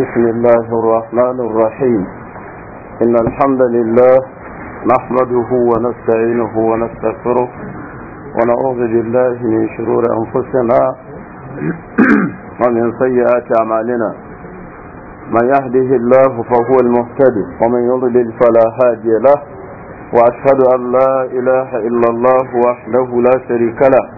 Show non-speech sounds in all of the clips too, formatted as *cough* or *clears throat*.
بسم الله الرحمن الرحيم إن الحمد لله نحمده ونستعينه ونستغفره ونعوذ بالله من شرور أنفسنا *clears throat* ومن سيئات أعمالنا من يهده الله فهو المهتدي ومن يضلل فلا هادي له وأشهد أن لا إله إلا الله وحده لا شريك له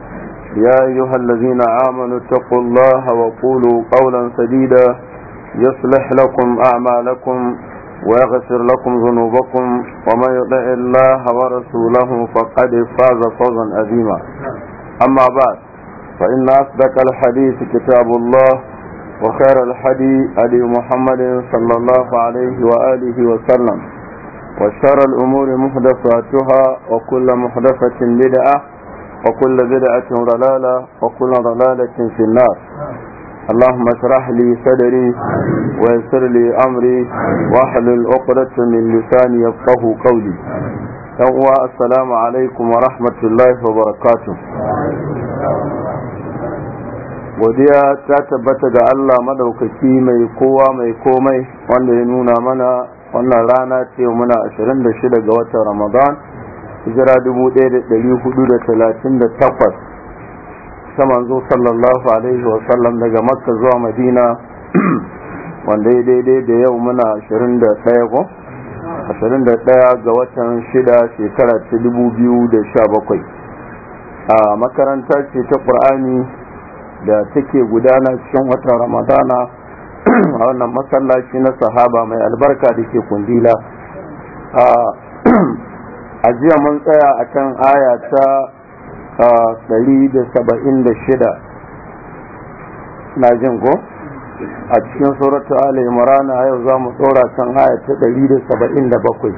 يا أيها الذين آمنوا اتقوا الله وقولوا قولا سديدا يصلح لكم أعمالكم ويغفر لكم ذنوبكم ومن يطع الله ورسوله فقد فاز فوزا عظيما أما بعد فإن أصدق الحديث كتاب الله وخير الحديث علي محمد صلى الله عليه وآله وسلم وشر الأمور محدثاتها وكل محدثة بدعة وكل بدعة ضلالة وكل ضلالة في النار اللهم اشرح لي صدري ويسر لي أمري واحلل عقدة من لساني يفقه قولي يوم السلام عليكم ورحمة الله وبركاته godiya ta tabbata ga Allah madaukaki mai kowa mai komai wanda ya nuna mana wannan rana ce muna 26 ga watan Ramadan hijira 1438 ta manzo sallallahu alaihi wasallam daga makka zuwa madina *clears throat* wanda ya daidai da yau muna 21 ko 21 ga watan 6 shekara ta 2017 a makaranta ce ta ƙur'ani da take gudana cikin watan ramadana *clears throat* a wannan masallaci na sahaba mai albarka da ke kundila *clears throat* a jiya mun tsaya a kan aya ta 176 na jin ko a cikin suratu ala imrana yau za mu tsora kan aya ta 177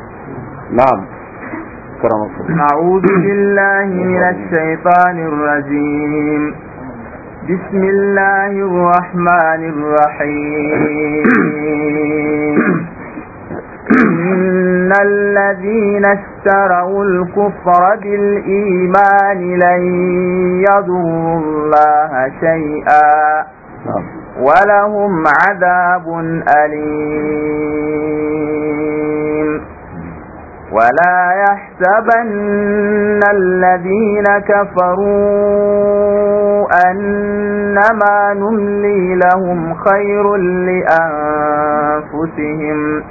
na'am أعوذ بالله من الشيطان الرجيم بسم الله الرحمن الرحيم إن الذين اشتروا الكفر بالإيمان لن يضروا الله شيئا نعم. ولهم عذاب أليم ولا يحسبن الذين كفروا أنما نملي لهم خير لأنفسهم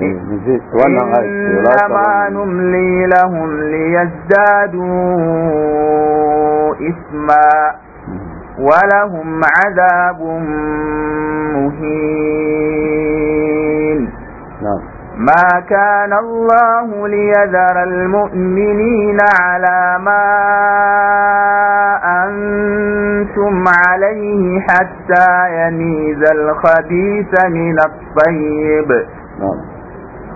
إنما نملي لهم ليزدادوا إثما ولهم عذاب مهين نعم. ما كان الله ليذر المؤمنين على ما أنتم عليه حتى يميز الخبيث من الطيب نعم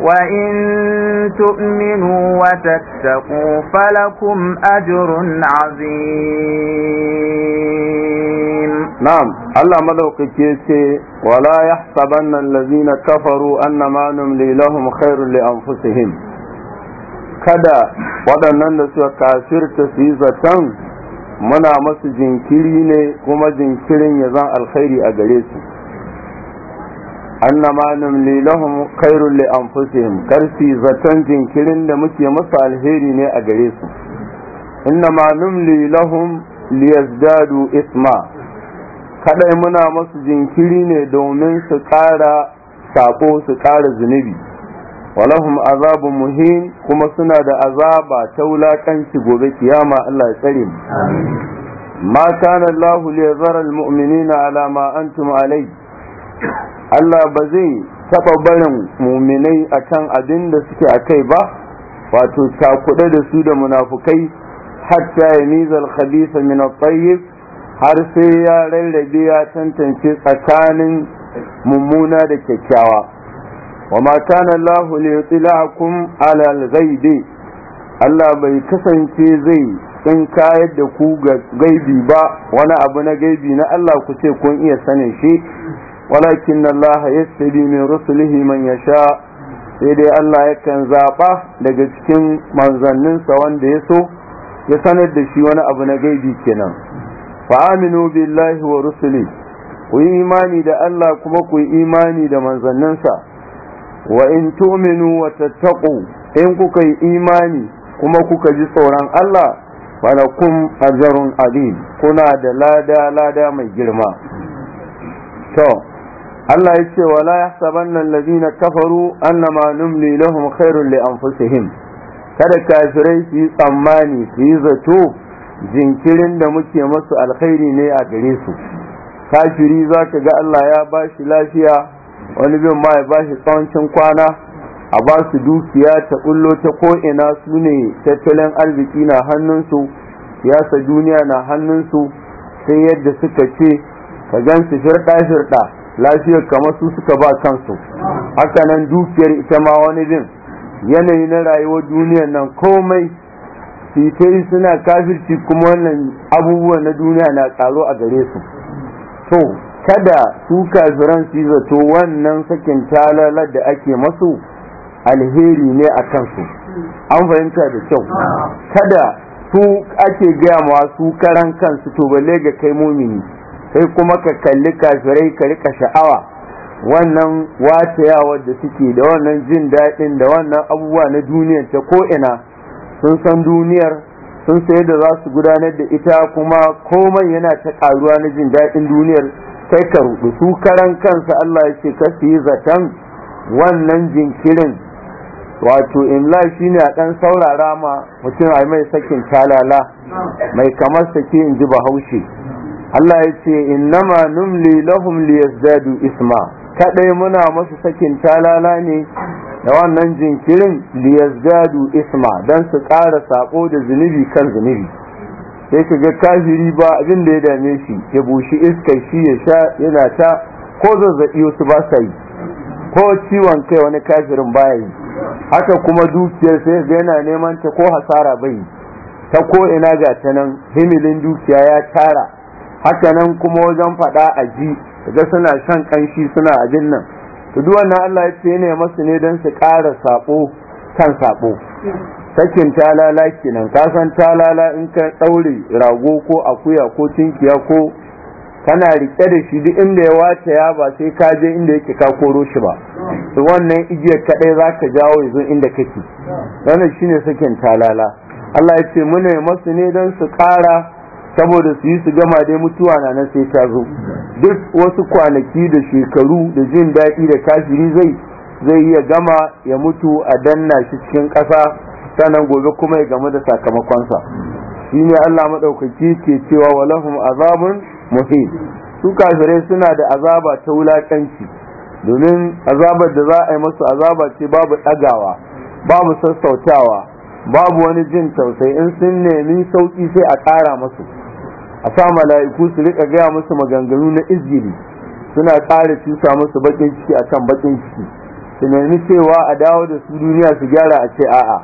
وإن تؤمنوا وتتقوا فلكم أجر عظيم نعم الله ملوك كيسي ولا يحسبن الذين كفروا أنما نملي لهم خير لأنفسهم kada waɗannan da suka kafirta su yi zaton muna masu jinkiri ne kuma jinkirin ya zan alkhairi a gare su annama numli lahum khairul li anfusihim karfi zaton jinkirin da muke musu alheri ne a gare su innama numli lahum liyazdadu isma kadai muna masu jinkiri ne domin su ƙara sako su ƙara zunubi walahum azabu muhin kuma suna da azaba ta wulakanci gobe kiyama Allah ya tsare mu ma kana Allah liyazara almu'minina ala ma antum alayhi Allah ba zai taɓa barin muminai a kan abin da suke a kai ba wato cakuɗe da su da munafukai hatta ya nizar khabisa min at-tayyib har sai ya rarrabe ya tantance tsakanin mummuna da kyakkyawa wa ma kana Allah li yutilakum ala al-ghaibi Allah bai kasance zai in kayar da ku ga gaibi ba wani abu na gaibi na Allah ku ce kun iya sanin shi walakin الله yastabi من rusulihi من يشاء sai dai Allah yakan zaɓa daga cikin manzanninsa wanda ya so ya sanar da shi wani abu na gaibi kenan fa aminu billahi wa rusuli ku yi imani da Allah kuma ku yi imani da manzanninsa wa in tu'minu wa tattaqu in kuka yi imani kuma kuka ji tsoron Allah falakum ajrun azim kuna da lada lada mai girma to Allah ya ce wala ya yahsabanna na kafaru annama numli lahum khairun li anfusihim kada kafirai su yi tsammani su yi zato jinkirin da muke masu alkhairi ne a gare su kafiri za ka ga Allah ya ba shi lafiya wani bin ma ya ba shi tsawancin kwana a ba su dukiya ta kullo ta ko'ina su ne tattalin arziki na hannunsu siyasa duniya na hannunsu sai yadda suka ce ka gan su firɗa-firɗa lafiyar kamar su suka ba kansu haka nan dukiyar ita ma wani din yanayi na rayuwar duniyar nan komai fitai suna kafirci kuma wannan abubuwan na duniya na tsaro a gare su to kada su kafiran su zato wannan sakin talalar da ake masu alheri ne a kansu an fahimta da kyau kada su ake gaya masu karan kansu to balle ga kai mumini sai kuma ka kalli kafirai ka rika sha'awa wannan watayawar da suke da wannan jin daɗin da wannan abubuwa na duniyar ta ko'ina sun san duniyar sun sai da za su gudanar da ita kuma komai yana ta ƙaruwa na jin daɗin duniyar sai ka rudu su karan kansa Allah ya ce ka yi zaton wannan jinkirin wato imla shi ne a ɗan saurara ma mutum a mai sakin talala mai kamar sake in ji bahaushe Allah ya ce innama numli lahum liyazdadu isma kadai muna masu sakin talala ne da wannan jinkirin liyazdadu isma dan su ƙara sako da zunubi kan zunubi sai ka ga kafiri ba abin da ya dame shi ya bushi iskar shi ya sha yana ta ko zazzabi wasu ba sa yi ko ciwon kai wani kafirin baya yi haka kuma dukiyar sai ga yana neman ta ko hasara bai ta ko ina ga ta nan himilin dukiya ya tara haka nan kuma wajen faɗa a ji ga suna shan kanshi suna abin nan to duk wannan Allah ya ce ne masu ne don su ƙara sabo kan sabo sakin talala kenan ka san talala in ka ɗaure rago ko akuya ko tinkiya ko kana rike da shi duk inda ya wace ya ba sai ka je inda yake ka koro shi ba to wannan igiyar kaɗai za ka jawo yanzu inda kake wannan shine sakin talala Allah ya ce muna masu ne don su ƙara saboda su yi su gama dai mutuwa na nan sai ta zo duk wasu kwanaki da shekaru da jin daɗi da kafiri zai zai iya gama ya mutu a danna shi cikin ƙasa sanan gobe kuma ya game da sakamakonsa shi ne Allah maɗaukaki ke cewa walahum azabun muhim su kafirai suna da azaba ta wulaƙanci domin azabar da za a yi masu azaba ce babu ɗagawa babu sassautawa babu wani jin tausayi in sun nemi sauƙi sai a ƙara masu a sa mala'iku su rika gaya musu maganganu na izini, suna ƙara cusa musu bakin ciki a kan bakin ciki su nemi cewa a dawo da su duniya su gyara a ce a'a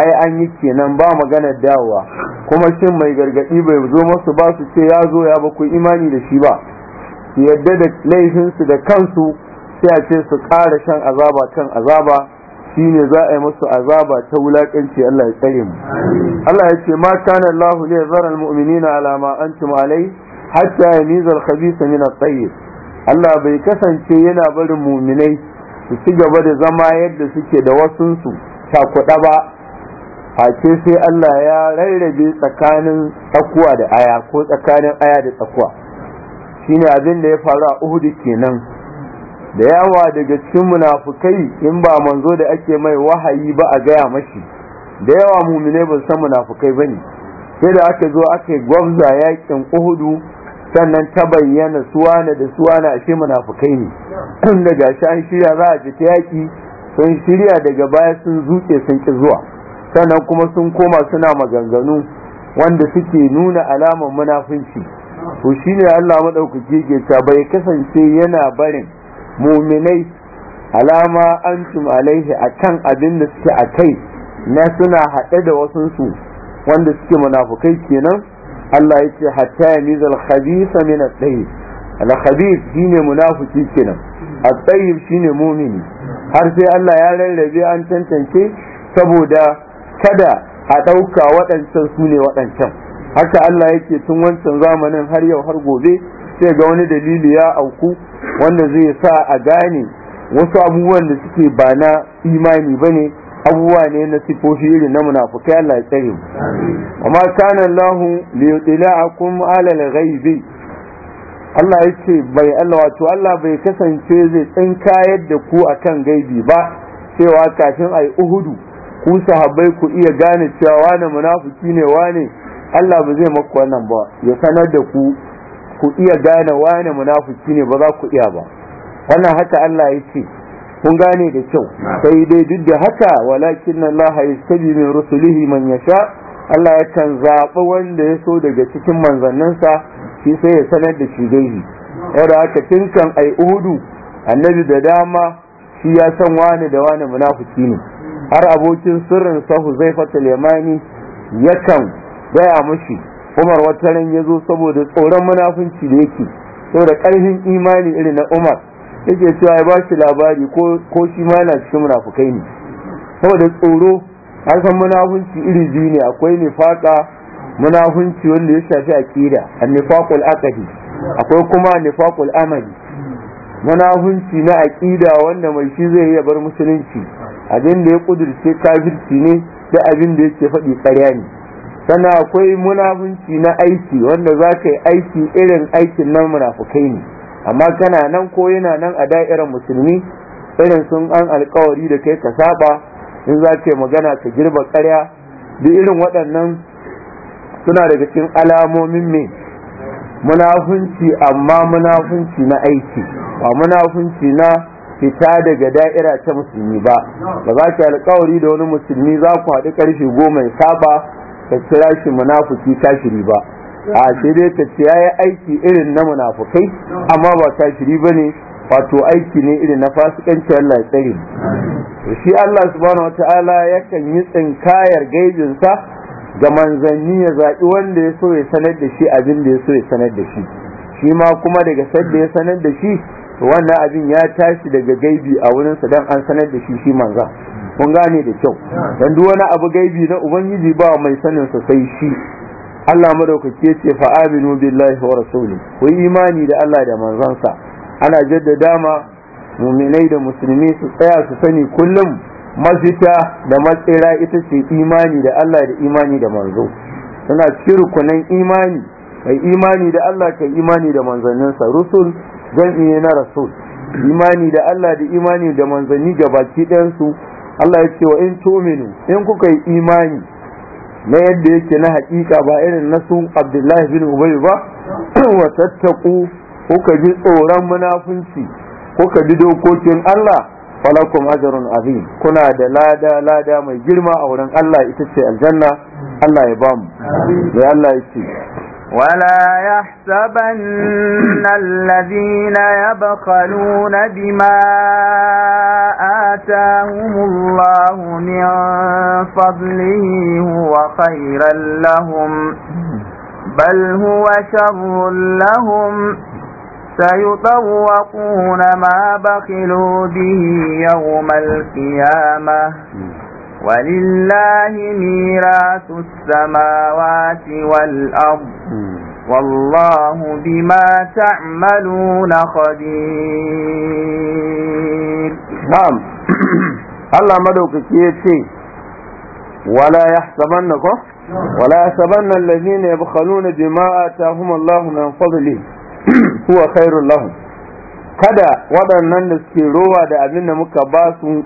ai an yi kenan ba maganar dawowa kuma shin mai gargaɗi bai zo masu ba su ce ya zo ya ba imani da shi ba su yadda da laifinsu da kansu sai a ce su ƙara shan azaba kan azaba shine za a yi musu azaba ta wulakanci Allah ya tsare mu Allah ya ce ma kana Allah li yazara almu'minina ala ma antum alai hatta yamiza alkhabitha min at-tayyib Allah bai kasance yana barin mu'minai su ci gaba da zama yadda suke da wasun su takuda ba face sai Allah ya rarrabe tsakanin tsakuwa da aya ko tsakanin aya da tsakuwa shine abin da ya faru a Uhud kenan da yawa daga cikin munafukai in ba manzo da ake mai wahayi ba a gaya mashi da yawa mumine ba san munafukai ba ne sai da aka zo aka gwabza yakin uhudu sannan ta bayyana suwana da suwana ashe munafukai ne da gashi an shirya za a fita yaki sun shirya daga baya sun zuke sun ki zuwa sannan kuma sun koma suna maganganu wanda suke nuna alaman munafunci to shine Allah madaukake ke ta bai kasance yana barin muminai alama antum alaihi akan abin da suke a kai na suna haɗe da wasunsu wanda suke munafukai kenan Allah ya ce hatta ya khabisa min at-tayyib al-khabis shine munafiki kenan at shi shine mumini har sai Allah ya rarrabe an tantance saboda kada a ɗauka waɗancan su ne waɗancan haka Allah yake tun wancan zamanin har yau har gobe sai ga wani dalili ya auku wanda zai sa a gane wasu abubuwan da suke ba na imani ba ne abubuwa ne na sifofi irin na munafukai Allah ya tsare mu amma kana Allah li yutla'akum ala al-ghaibi Allah ya bai Allah wato Allah bai kasance zai tsinka yadda ku akan gaibi ba cewa kafin ai uhudu ku sahabbai ku iya gane cewa wani munafiki ne wani Allah ba zai maku wannan ba ya sanar da ku ku iya gane wane munafiki ne ba za ku iya ba wannan haka Allah ya ce kun gane da kyau sai dai duk da haka walakin Allah sabi min rusulihi man yasha Allah ya kan zaɓi wanda ya so daga cikin manzanninsa shi sai ya sanar da shi gaihi yadda haka tinkan ai uhudu annabi da dama shi ya san wani da wani munafiki ne har abokin sirrin sahu zai fata lemani yakan gaya mashi. umar wata ran ya zo saboda tsoron munafunci da yake saboda karfin imani irin na umar yake cewa ya ba shi labari ko shi ma yana cikin munafukai ne saboda tsoro har san munafunci iri biyu ne akwai nifaka munafunci wanda ya shafi aqida an-nifaqul aqdi akwai kuma nifaqul amali munafunci na aqida wanda mai shi zai iya bar musulunci abin da ya kudurce kafirci ne da abin da yake faɗi ƙarya ne sana akwai munafunci na aiki wanda za ka yi aiki irin aikin nan munafukai ne amma kana nan ko yana nan a da'irar musulmi irin sun an alkawari da kai ka saba in za ka yi magana ka girba karya da irin waɗannan suna daga cikin alamomin me munafunci amma munafunci na aiki ba munafunci na fita daga da'ira ta musulmi ba ba za ka yi alkawari da wani musulmi za ku haɗu ƙarfe goma ya saba ka kira shi munafuki tashiri ba a sai dai ka ce yi aiki irin na munafukai amma ba ba ne. wato aiki ne irin na fasikanci Allah ya tsare shi Allah subhanahu wataala yakan yi tsinkayar gaijinsa ga manzanni ya zaɓi wanda ya so ya sanar da shi abin da ya so ya sanar da shi shi ma kuma daga sadda ya sanar da shi wannan abin ya tashi daga gaibi a wurinsa don an sanar da shi shi manza. Mun gane da kyau dan wani abu gaibi na ubangiji ba mai sanin sa sai shi Allah madaukake ce fa aminu billahi wa rasuli ku imani da Allah da manzansa ana jaddada ma muminai da musulmi su tsaya su sani kullum mafita da matsira ita ce imani da Allah da imani da manzo suna cikin rukunan imani kai imani da Allah kai imani da manzanninsa rusul zan iya na rasul imani da Allah da imani da manzanni gabaki ɗayansu Allah ya ce wa in tuminu in kuka yi imani na yadda yake na hakika ba irin na sun Abdullahi bin Ubay ba *clears throat* wa tattaku kuka ji tsoron munafunci kuka bi dokokin Allah falakum ajrun azim kuna da lada lada mai girma a wurin Allah ita ce aljanna Allah ya bamu ya Allah ya ce ولا يحسبن الذين يبخلون بما آتاهم الله من فضله هو خيرا لهم بل هو شر لهم سيطوقون ما بخلوا به يوم القيامة ولله ميراث السماوات والأرض والله بما تعملون خبير نعم الله مدوك كيتي ولا يحسبنكم ولا يحسبن الذين يبخلون بما آتاهم الله من فضله هو خير لهم kada waɗannan da suke rowa da abin muka ba su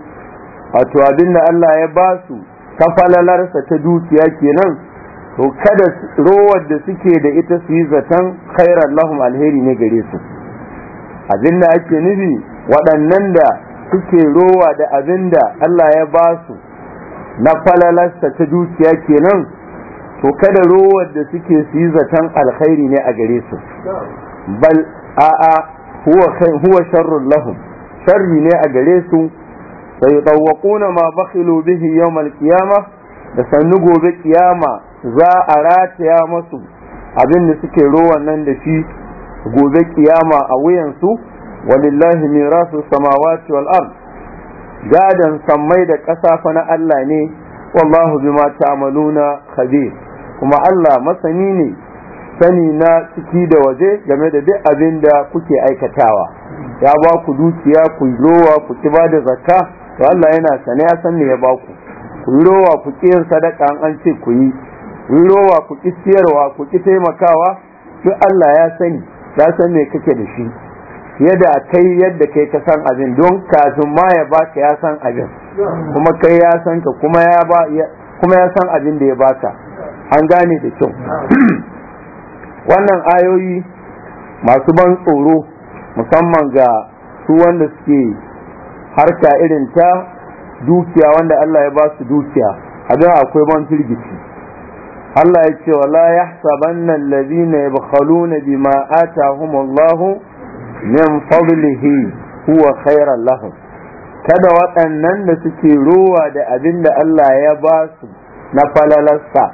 wato abin da Allah ya ba su ta falalarsa ta dukiya kenan to kada rowar da suke da ita su yi zaton khairar lahum alheri ne gare su abin da ake nufi waɗannan da suke rowa da abin da Allah ya ba su na falalarsa ta dukiya kenan to kada rowar da suke su yi zaton alkhairi ne a gare su bal a'a huwa sharrun lahum sharri ne a gare su sai yudawwaquna ma bakhilu bihi yawm al-qiyamah da sannu gobe ƙiyama za a rataya masu abin da suke rowan nan da shi gobe ƙiyama a wuyansu walillahi mirasu samawati wal Gadon gadan sammai da ƙasa fa na Allah ne wallahu bima ta'maluna khabir kuma Allah masani ne sani na ciki da waje game da duk abin da kuke aikatawa ya ba ku dukiya ku rowa ku ki ba da zakka to Allah yana sane ya san me ya ba ku ku yi rowa ku ƙi sadaka an ce ku yi ku rowa ku ƙi siyarwa ku ƙi taimakawa duk Allah ya sani ya san me kake da shi yadda kai yadda kai ka san abin don kafin ma ya baka ya san abin kuma kai ya san ka kuma ya ba kuma ya san abin da ya baka an gane da kyau *clears throat* wannan ayoyi masu ban tsoro musamman ga su wanda suke harka irin ta dukiya wanda Allah ya ba su dukiya a ga akwai ban firgici Allah ya ce wala yahsabanna alladhina yabkhaluna bima Allah min fadlihi huwa khairan lahum kada waɗannan da suke rowa da abinda Allah ya ba su na falalarsa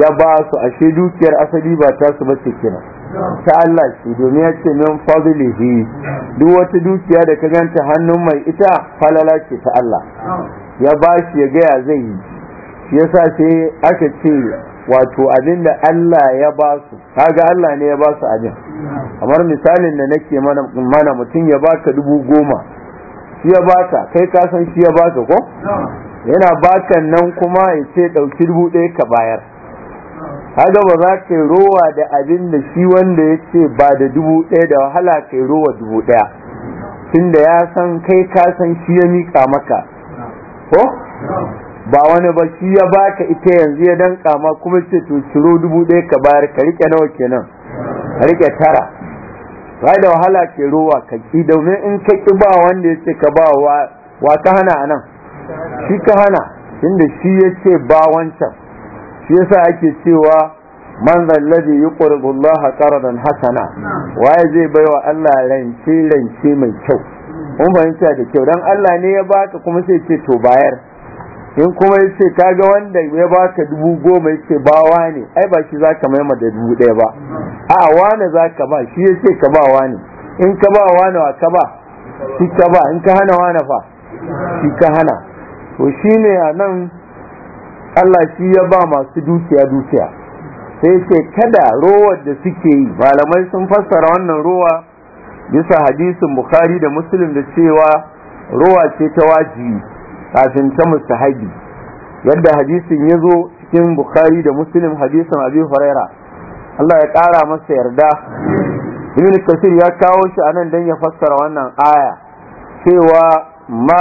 ya ba su ashe dukiyar asali ba ta su ba kenan ta Allah shi domin ya ce min fadlihi duk wata dukiya da ka ganta hannun mai ita falala ce ta Allah ya ba shi ya gaya zai yi shi yasa sai aka ce wato abinda da Allah ya ba su kaga Allah ne ya ba su abin kamar misalin da nake mana mutum ya baka dubu goma shi ya baka kai ka san shi ya baka ko yana bakan nan kuma ya ce ɗauki dubu ɗaya ka bayar haga ba za ka yi rowa da abin da shi wanda ya ce ba da dubu ɗaya da wahala ka yi rowa dubu ɗaya da ya san kai ka san shi ya miƙa maka ko ba wani ba shi ya baka ita yanzu ya danka ma kuma ce to ciro dubu ɗaya ka bayar ka rike nawa kenan ka rike tara ba da wahala ke rowa ka ki domin in ka ki ba wanda ya ce ka ba wa ka hana anan shi ka hana tunda shi ya ce ba wancan shi yasa ake cewa man zallazi yuqridu Allah ƙararren hasana waye zai baiwa Allah rance rance mai kyau mun fahimta da kyau dan Allah ne ya baka kuma sai ce to bayar in kuma ya ce kaga wanda ya baka dubu goma ya ce bawa ne ai ba shi zaka maima da dubu ɗaya ba a wane zaka ba shi ya ce ka ba wane in ka ba wane wa ka ba shi ka ba in ka hana wane fa shi ka hana to shine a nan Allah shi ya ba masu dukiya dukiya sai ce kada rowar da suke yi malamai sun fassara wannan rowa bisa hadisin bukhari da muslim da cewa rowa ce ta wajibi kafin ta mustahabi yadda hadisin ya zo cikin bukhari da muslim hadisin abi huraira Allah ya ƙara masa yarda ibn kasir ya kawo shi anan dan ya fassara wannan aya cewa ma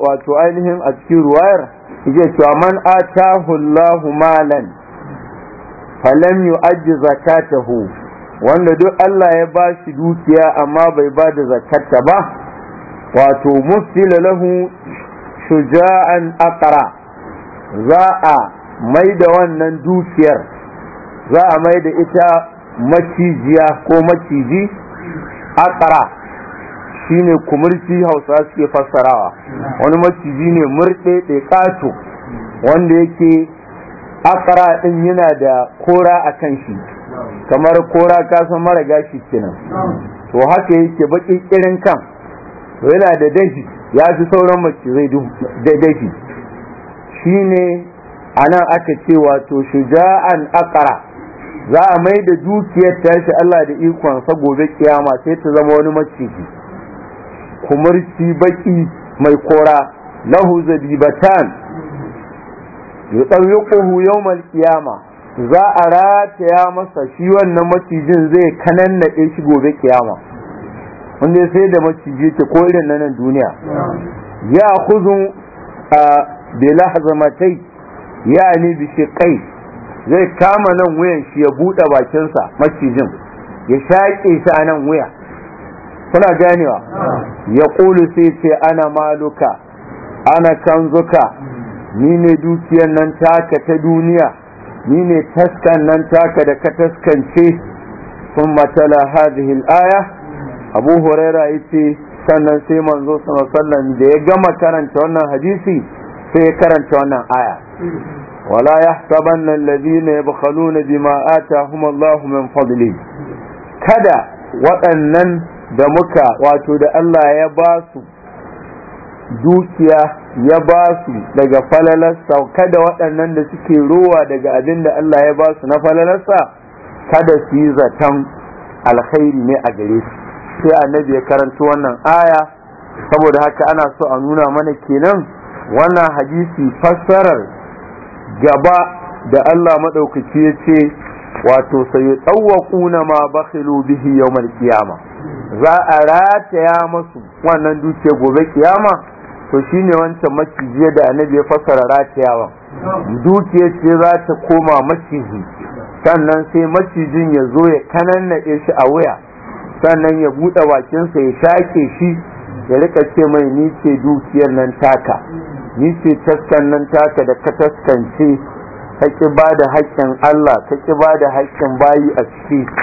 wato ainihin a cikin ruwayar yake cewa man atahu Allahu malan falam yu'ajji zakatahu wanda duk Allah ya ba shi dukiya amma bai ba da zakata ba wato mustila lahu shuja'an aqra za a mai da wannan dukiyar za a mai da ita macijiya ko maciji aqra shine kumurci hausa suke fassarawa wani maciji ne murɗe ƙato, wanda yake akara ɗin yana da kora a kan shi kamar kora kasan mara gashi kenan to haka yake baƙi irin kan to yana da daji ya fi sauran zai da daji shine a nan aka ce wato shuja'an akara za a mai da dukiyar tashi Allah da ikonsa gobe kiyama sai ta zama wani maciji kumurci baki mai kora lahu zabibatan yawm al qiyama za a rataya masa shi wannan macijin zai kananna shi gobe kiyama wanda sai da maciji ta ko irin nan duniya ya khuzun bi lahzamatai yani bi shiqai zai kama nan wuyan shi ya bude bakinsa macijin ya shaƙe shi a nan wuya kuna ganewa ya ƙulu sai ce ana maluka ana kanzuka ni ne dukiyar nan taka ta duniya ni ne taskan nan taka da ka taskance sun matala hadhihi aya abu huraira ya ce sannan sai manzo sallallahu da ya gama karanta wannan hadisi sai ya karanta wannan aya wala yahsabanna alladhina yabkhaluna bima atahum Allahu min fadli kada waɗannan da muka wato da Allah ya ba su dukiya ya ba su daga falalarsa kada waɗannan da suke rowa daga abin da Allah ya ba su na falalarsa kada su yi zaton alkhairi ne a gare su sai annabi ya karanto wannan aya saboda haka ana so a nuna mana kenan wannan hadisi fassarar gaba da Allah maɗaukaci ya ce wato sayi na ma bakhilu bihi yawmal qiyamah za a rataya masu wannan dukiya gobe kiyama to shine wancan maciji da annabi ya fassara ratayawa dukiya ce za ta koma maciji sannan sai macijin ya zo ya kanannaɗe shi a waya sannan ya buɗe bakinsa ya shake shi ya rika ce mai ni ce dukiyar nan taka ni ce taskan nan taka da ka taskance ka ki ba da haƙƙin Allah ka ki ba da haƙƙin bayi a ciki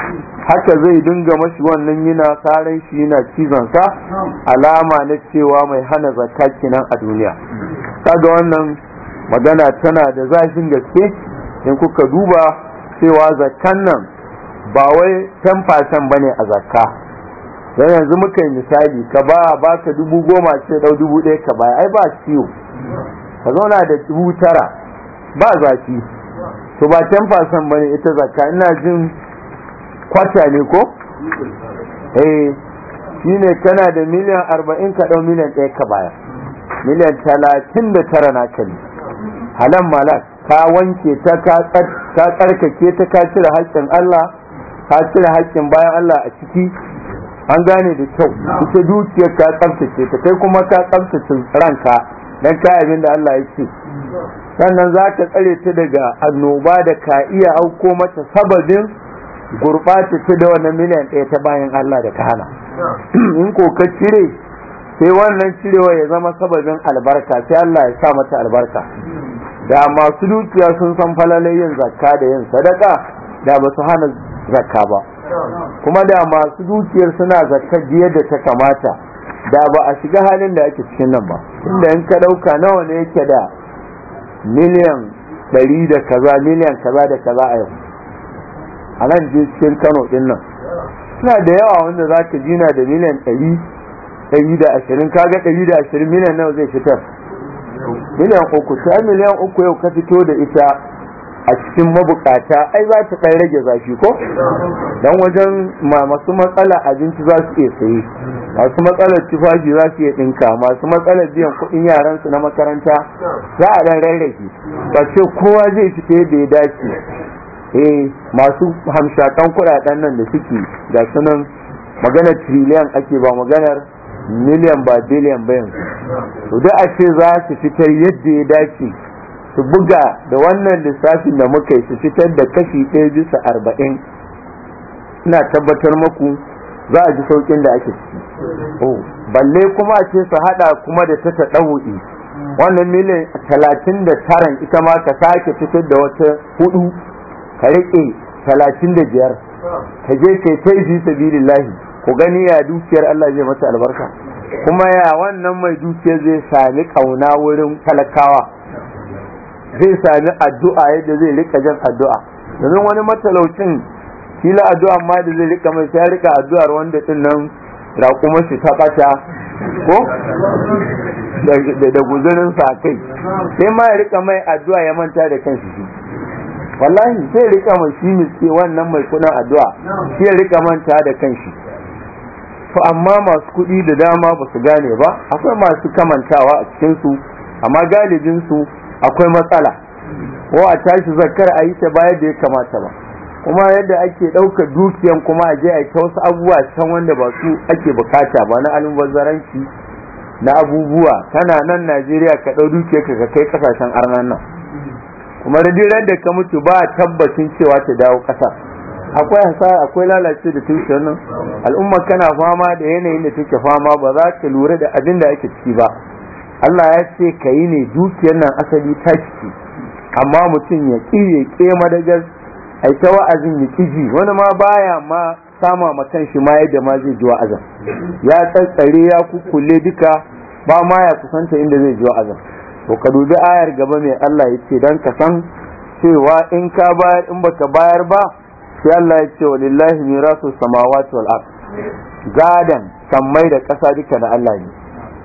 haka zai dinga mashi wannan yana saran shi yana cizon sa alama na cewa mai hana zakka kenan a duniya kaga wannan magana tana da zafin gaske in kuka duba cewa zakkan nan ba wai ba ne a zakka dan yanzu muka yi misali ka ba ba ka dubu goma ce dau dubu ɗaya ka baya ai ba ciwo ka zauna da dubu tara ba zafi to ba can 10% bane ita zakka ina jin kwata ne ko eh shine kana da miliyan 40 ka dau miliyan 1 ka baya, miliyan 39 na kali halan malak ka wanke ta ka tsarkake ta ka cire haƙƙin Allah ka haƙƙin bayan Allah a ciki an gane da kyau ita dukiyar ka tsaftace ta kai kuma ka tsaftace ranka dan ka abin da Allah ya ce sannan za ta tsare ta daga annoba da ka iya auko mata sababin gurɓata ta da wannan miliyan ɗaya ta bayan Allah da ta hana in ko ka cire sai wannan cirewa ya zama sababin albarka sai Allah ya sa mata albarka da masu dukiya sun san falalai yin zakka da yin sadaka da ba su hana zakka ba kuma da masu dukiyar suna zakka jiya da ta kamata da ba a shiga halin da ake cikin nan ba inda in ka ɗauka nawa ne yake da miliyan ɗari da kaza miliyan kaza da kaza a yau a nan cikin kano ɗin nan suna da yawa wanda za ka jina da miliyan ɗari ɗari da ashirin kaga ɗari da ashirin miliyan nawa zai fitar miliyan uku sai miliyan uku yau ka fito da ita a cikin mabukata ai za ta kai rage zafi ko dan wajen masu matsala abinci za su iya saye masu matsalar tufafi za su iya ɗinka masu matsalar biyan kuɗin yaran su na makaranta za a ɗan rarrage ba ce kowa zai fita da ya dace eh masu hamshakan kuɗaɗen nan da suke ga sunan magana trillion ake ba maganar miliyan ba biliyan yanzu to da a ce za su fitar yadda ya dace su buga da wannan lissafin da muka yi su fitar da kashi ɗaya bisa arba'in ina tabbatar maku za a ji saukin da ake ciki oh, balle kuma ce su haɗa kuma da ta taɗawu'i wannan miliyan talatin da taran ita ma ka sake fitar da wata hudu ka riƙe talatin da biyar ka je yi taifi sabilillahi ku gani ya dukiyar Allah zai mata albarka kuma ya wannan mai dukiyar zai sami ƙauna wurin talakawa zai sami addu'a yadda zai rika jan addu'a domin wani matalaucin kila addu'a ma da zai rika mai sai rika addu'ar wanda din nan raƙumar shi ta ɓata ko da guzurin sa kai sai ma ya rika mai addu'a ya manta da kanshi shi wallahi sai rika mai shi miske wannan mai kuɗin addu'a sai rika manta da kanshi to amma masu kuɗi da dama ba su gane ba akwai masu kamantawa a cikinsu amma galibinsu akwai matsala Ko a tashi zakar a yi ta baya da ya kamata ba kuma yadda ake ɗaukar dukiyan kuma a je a ta wasu abubuwa can wanda ba su ake bukata ba na almubazzaranci na abubuwa Tana nan najeriya ka ɗau dukiyar ka ka kai ƙasashen arnan nan kuma da dirar da ka mutu ba a tabbacin cewa ta dawo ƙasa akwai hasara akwai lalace da tushen nan al'umma kana fama da yanayin da take fama ba za ka lura da abin da ake ciki ba Allah ya ce ka yi ne dukiyar nan asali ta ciki amma mutum ya ƙi ya ƙe madagar a ta wa'azin ya ƙi ji. wani ma baya ma sama ma shi ma yadda ma zai ji wa'azin ya tsatsare ya kukkule duka ba ma ya kusanta inda zai ji wa'azin to ka dubi ayar gaba mai Allah ya ce dan ka san cewa in ka bayar in baka bayar ba sai Allah ya ce walillahi mirasu samawati wal ard gadan sammai da ƙasa duka na Allah ne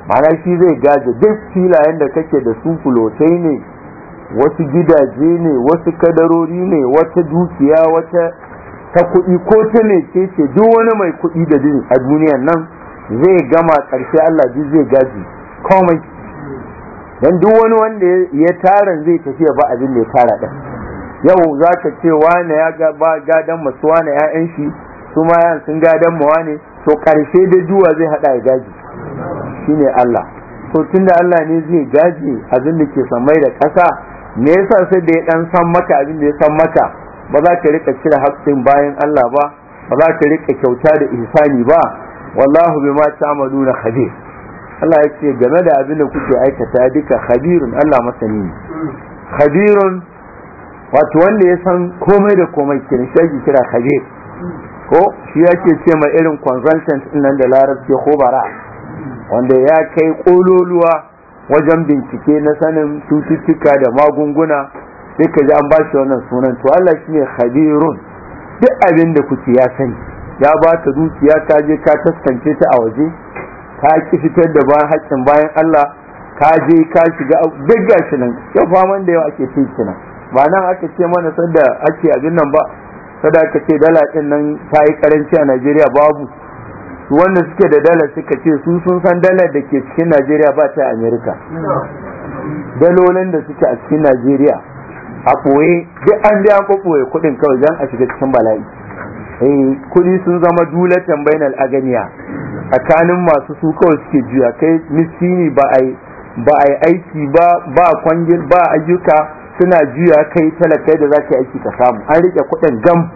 ma'ana shi zai gaje duk filayen da kake da su fulotai ne wasu gidaje ne wasu kadarori ne wata dukiya wata ta kuɗi ko ta ne ce ce duk wani mai kuɗi da jini a duniyan nan zai gama ƙarshe Allah ji zai gaji komai don duk wani wanda ya taran zai tafiya ba abin da ya tara ɗan yau za ka ce wane ya gaba gadon masu wane 'ya'yan shi su ma sun gadon mawa ne to ƙarshe da duwa zai haɗa ya gaji shine Allah to tunda Allah ne zai gaji abin da ke samai da ƙasa me yasa sai da ya dan san maka abin da ya san maka ba za ka rika cire haƙƙin bayan Allah ba ba za ka rika kyauta da ihsani ba wallahu bima ta'maluna khabir Allah ya ce game da abin da kuke aikata duka khabirun Allah masani ne khabirun wato wanda ya san komai da komai kiran shi kira khabir ko shi yake ce ma irin consultant din nan da larabci ko bara wanda ya kai ƙololuwa wajen bincike na sanin cututtuka da magunguna sai ka ji an ba shi wannan sunan to Allah shi ne khabirun duk abin da kuke ya sani ya ba ta dukiya ka je ka taskance ta a waje ka ki fitar da bayan haƙƙin bayan Allah ka je ka shiga duk gashi nan ya faman da yawa ake cin kina ba nan aka ce mana sadda ake abin nan ba sadda aka ce dala ɗin nan ta yi karanci a Najeriya babu su wanda suke da dala suka ce su sun san dalar da ke cikin najeriya ba ta amerika dalolin da suke a cikin najeriya a ɓoye duk an biya ko ɓoye kuɗin kawai don a shiga cikin bala'i eh, kuɗi sun zama dulatan bainal aganiya tsakanin masu su kawai suke juya kai miskini ba a ba a yi aiki ba ba kwangil ba ayyuka suna juya kai talakai da za ka aiki ka samu an riƙe kuɗin gam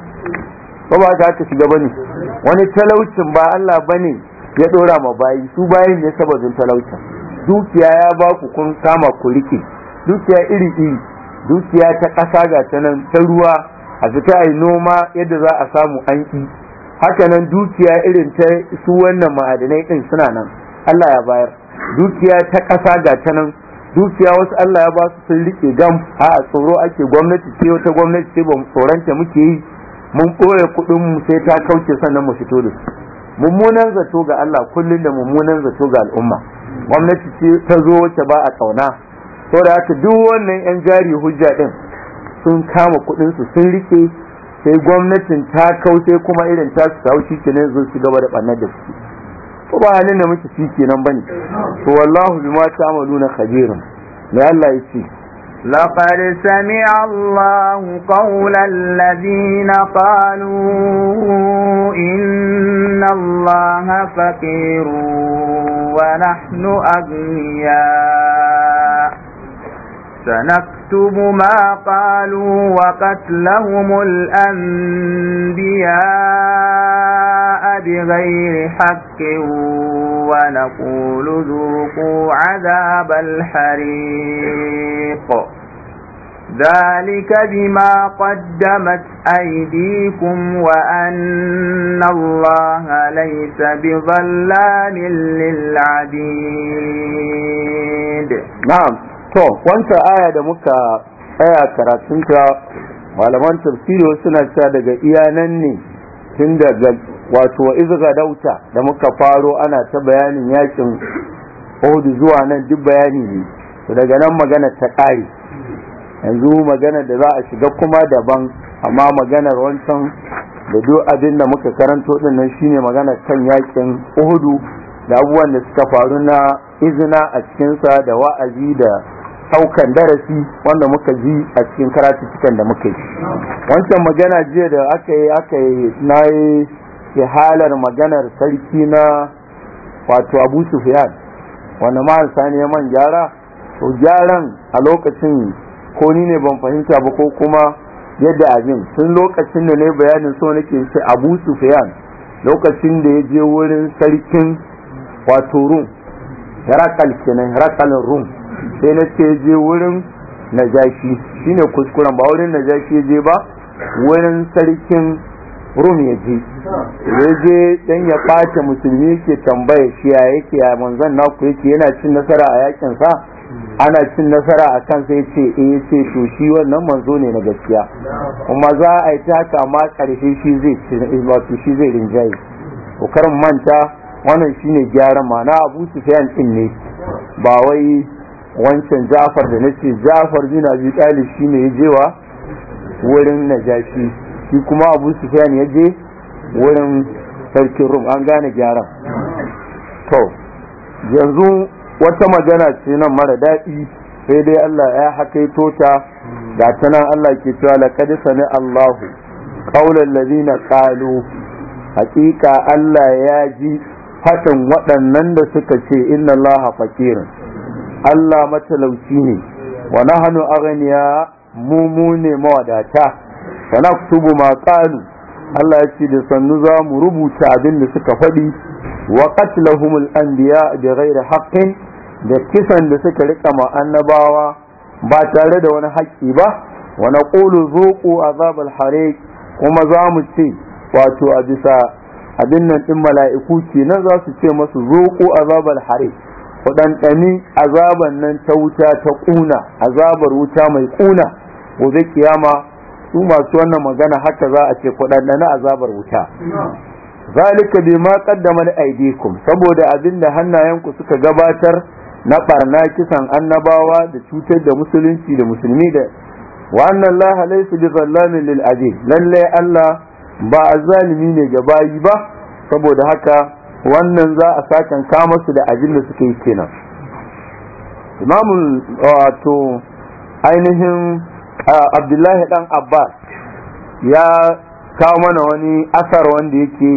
ba ba ta shiga ba ne wani talaucin ba Allah bane ya dora ma bayi su bayin ne saboda talaucin dukiya ya ba ku kun kama ku rike dukiya iri iri dukiya ta ƙasa ga ta ta ruwa a fita a yi noma yadda za a samu an ƙi haka nan dukiya irin ta su wannan ma'adanai ɗin suna nan Allah ya bayar dukiya ta ƙasa ga ta nan dukiya wasu Allah ya ba su sun rike gam a tsoro ake gwamnati ce wata gwamnati ce ba tsoranta muke yi mun ɓoye kuɗin mu sai ta kauce sannan mu fito da su mummunan zato ga Allah kullum da mummunan zato ga al'umma gwamnati ce ta zo wacce ba a kauna saboda haka duk wannan yan jari hujja din sun kama kuɗin su sun rike sai gwamnatin ta kauce kuma irin ta su shi kenan zo su gaba da ɓannar da su ko ba halin da muke ciki nan bane to wallahu bima ta'maluna khabirun ne Allah ya ce لقد سمع الله قول الذين قالوا إن الله فقير ونحن أغنياء سنكتب ما قالوا وقتلهم الأنبياء بغير حق ونقول ذوقوا عذاب الحريق ذلك بما قدمت أيديكم وأن الله ليس بظلام للعبيد نعم to wancan aya da muka tsaya karatunta malaman tafsiri suna cewa daga iyanan ne tun daga wato izga dauta da muka faro ana ta bayanin yakin Odu zuwa nan duk bayani ne to daga nan magana ta ƙare yanzu magana da za a shiga kuma daban amma maganar wancan da duk abin da muka karanto din nan shine magana kan yakin Odu da abubuwan da suka faru na izina a cikinsa da wa'azi da daukan darasi wanda muka ji a cikin karatu cikin da muka yi wancan magana jiya da aka yi aka yi na yi halar maganar sarki na wato abu sufyan wanda sani ya man gyara to gyaran a lokacin ko ni ne ban fahimta ba ko kuma yadda abin tun lokacin da ne bayanin so nake ce abu sufyan lokacin da ya je wurin sarkin wato rum herakal kenan herakalin rum sai na ce je wurin najashi shine kuskuren ba wurin najashi je ba wurin sarkin rum ya je ya je dan ya ɓata musulmi ke tambaya shi ya yake ya manzon naku yake yana cin nasara a yakin sa ana cin nasara a kan sai ce eh ce to shi wannan manzo ne na gaskiya kuma za a yi taka ma karshe shi zai wato shi zai rinjaye to karin manta wannan shine gyaran ma na Abu Sufyan din ne ba wai wancan ja'far da nace ja'far bin abi talib shine yajewa wa wurin najashi shi kuma abu sufyan ya je wurin sarkin rum an gane gyaran to yanzu wata magana ce nan mara daɗi sai dai Allah ya hakaito ta ga ta Allah ke cewa laqad sami Allahu qaulal ladina qalu haƙiƙa Allah ya ji fatan waɗannan da suka ce inna Allah faqirun Allah matalauci ne wa nahnu aghniya mu mu ne mawadata wa naktubu ma qalu Allah ya ce da sannu za mu rubuta abin da suka faɗi wa qatlahumul anbiya da ghairi haqqin da kisan da suka rika ma ba tare da wani haƙƙi ba wa naqulu zuqu azabal hariq kuma za mu ce wato a bisa abin nan din mala'iku kenan za su ce masu zuqu azabal hariq waɗanɗani azaban nan ta wuta ta ƙuna azabar wuta mai ƙuna gobe kiyama su masu wannan magana haka za a ce kuɗanɗani azabar wuta zalika ma qaddama li aydikum saboda abinda da hannayenku suka gabatar na barna kisan annabawa da cutar da musulunci da musulmi da wa anna Allah laysa bi zallamin lil lalle Allah ba azalimi ne ga bayi ba saboda haka wannan za a sakan kama su da abin da suke yi kenan imamun wato ainihin abdullahi dan abbas ya kawo mana wani asar wanda yake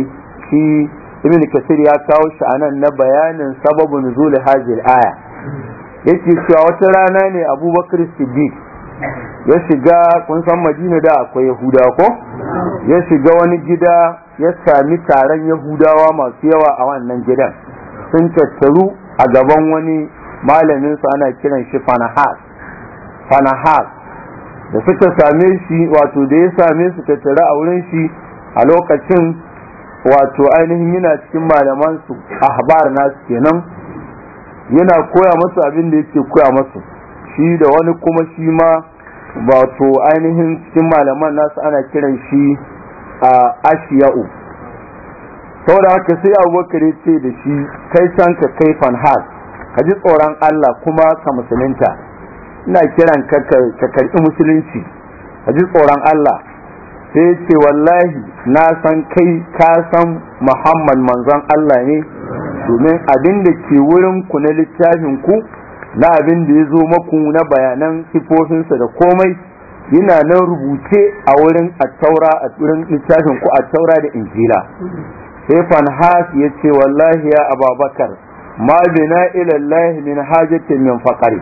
shi ibn kasir ya kawo shi anan na bayanin sababin zuli hajil aya yake cewa wata rana ne abubakar siddiq ya shiga kun san madina da akwai yahuda ko ya shiga wani gida ya sami taron yahudawa masu yawa a wannan gidan sun tattaru a gaban wani malamin su ana kiran shi fanahas fanahas da suka same shi wato da ya same su tattara a wurin shi a lokacin wato ainihin yana cikin malaman su ahbar nasu kenan yana koya masu abin da yake koya masu shi da wani kuma shi ma wato ainihin cikin malaman nasu ana kiran shi a ashiya'u saboda haka sai abubakar ya ce da shi kai san ka kai fanhas ka ji tsoron Allah kuma ka musulunta ina kiran ka karɓi musulunci ka ji tsoron Allah sai ce wallahi na san kai ka san Muhammad manzon Allah ne domin abin da ke wurin ku na littafin ku na abin da ya zo maku na bayanan sifofinsa da komai yana nan rubuce a wurin taura a wurin littafin ku taura da injila sai fanhas ya ce wallahi ya ababakar ma bina ilallahi min hajatin min faqari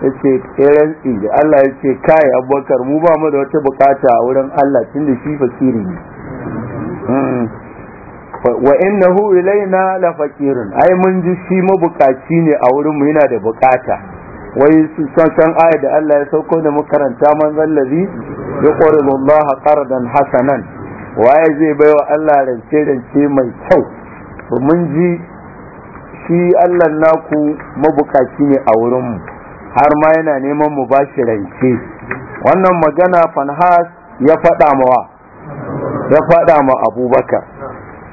ya ce ƙeren eh, inda Allah ya ce kai abubakar mu ba mu da wata bukata a wurin Allah tun da shi fasiri ne hmm. wa innahu ilaina la faqirun ai mun ji shi mabukaci ne a wurin mu yana da bukata wai san san da Allah ya sauko da makaranta man zallazi yuqridu Allah qardan hasanan waye zai baiwa Allah rance rance mai kyau to mun ji shi Allah naku mabukaci ne a wurin mu har ma yana neman mu bashi rance wannan magana fanhas ya faɗa mawa ya faɗa ma abubakar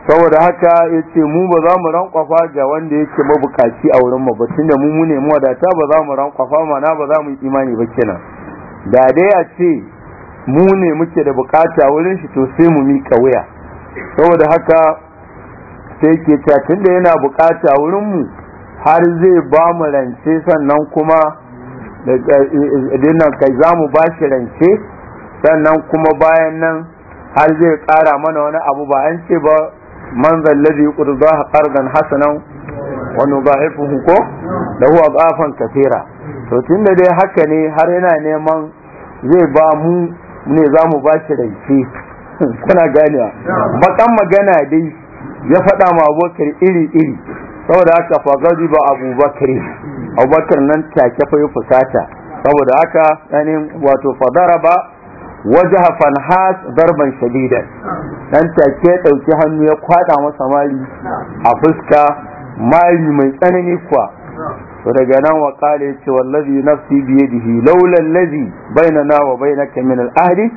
saboda haka ya ce mu ba za mu rankwafa ga wanda ya yake mabukaci a wurin mu ba da mu mu ne wadata ba za mu rankwafa mana ba za mu yi imani ba kenan da dai a ce mu ne muke da bukata wurin shi to sai mu mika wuya saboda haka sai ke ta da yana bukata wurin mu har zai ba mu rance sannan kuma dinnan eh, kai za mu ba shi rance sannan kuma bayan nan har zai kara mana wani abu ba an ce ba man zallazi qurdaha qardan hasanan wa nudha'ifuhu ko lahu adafan katira to tunda dai haka ne har yana neman zai ba mu ne za mu ba shi rance *laughs* kuna ganewa bakan magana dai ya faɗa ma abubakar iri iri saboda haka fagadi ba abubakar abubakar nan take fa ya fusata saboda haka yanin wato fadara ba wajaha fanhas darban shadidan dan take dauki hannu ya kwada masa mari a fuska mari mai tsanani kuwa to daga nan wa kale yace wallazi nafsi bi yadihi laula allazi bainana wa bainaka min al ahdi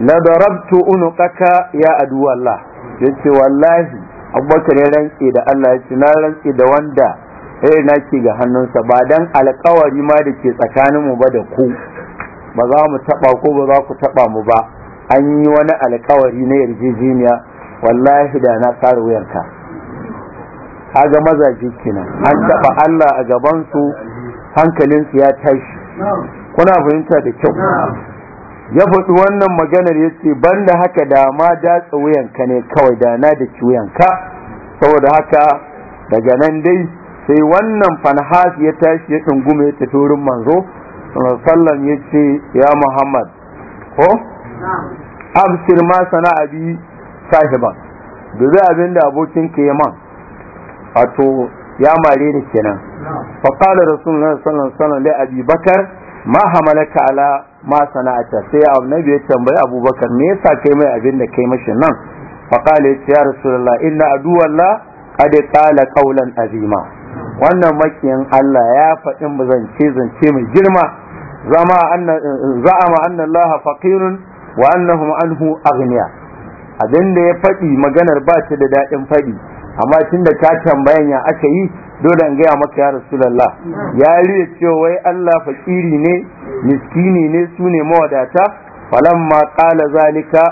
la darabtu unqaka ya adu Allah yace wallahi abubakar ya rantse da Allah yace na ranke da wanda eh na ga hannunsa ba dan alƙawari ma da ke tsakaninmu ba da ku ba za mu taba ko ba za ku taba mu ba an yi wani alkawari na yarjejeniya wallahi da na tsara wuyarka kaga mazaje kenan an taba Allah a gaban su hankalinsu ya tashi kuna fahimta da kyau ya faɗi wannan maganar ya ce banda haka da ma datsa wuyanka ne kawai da na da wuyanka saboda haka daga nan dai sai wannan fanhas ya tashi ya tungume ta turin manzo sallam ya ce ya muhammad ko absir ma sana'a abi sahiba dubi abin da abokin ke a wato ya mare ni kenan fa qala rasulullah sallallahu alaihi wasallam abi bakar ma hamalaka ala ma sana'ata sai annabi ya tambayi abubakar me yasa kai mai abin da kai mashi nan fa ce ya rasulullah inna aduwallah kada kala qawlan azima wannan makiyan Allah ya faɗi zance zance mai girma za'ama anna Allah faqirun wa annahum anhu aghniya abin ya faɗi maganar ba ta da daɗin faɗi amma tunda ta tambayan ya aka yi dole in gaya maka ya rasulallah ya riya cewa wai Allah faƙiri ne miskini ne su ne mawadata falamma qala zalika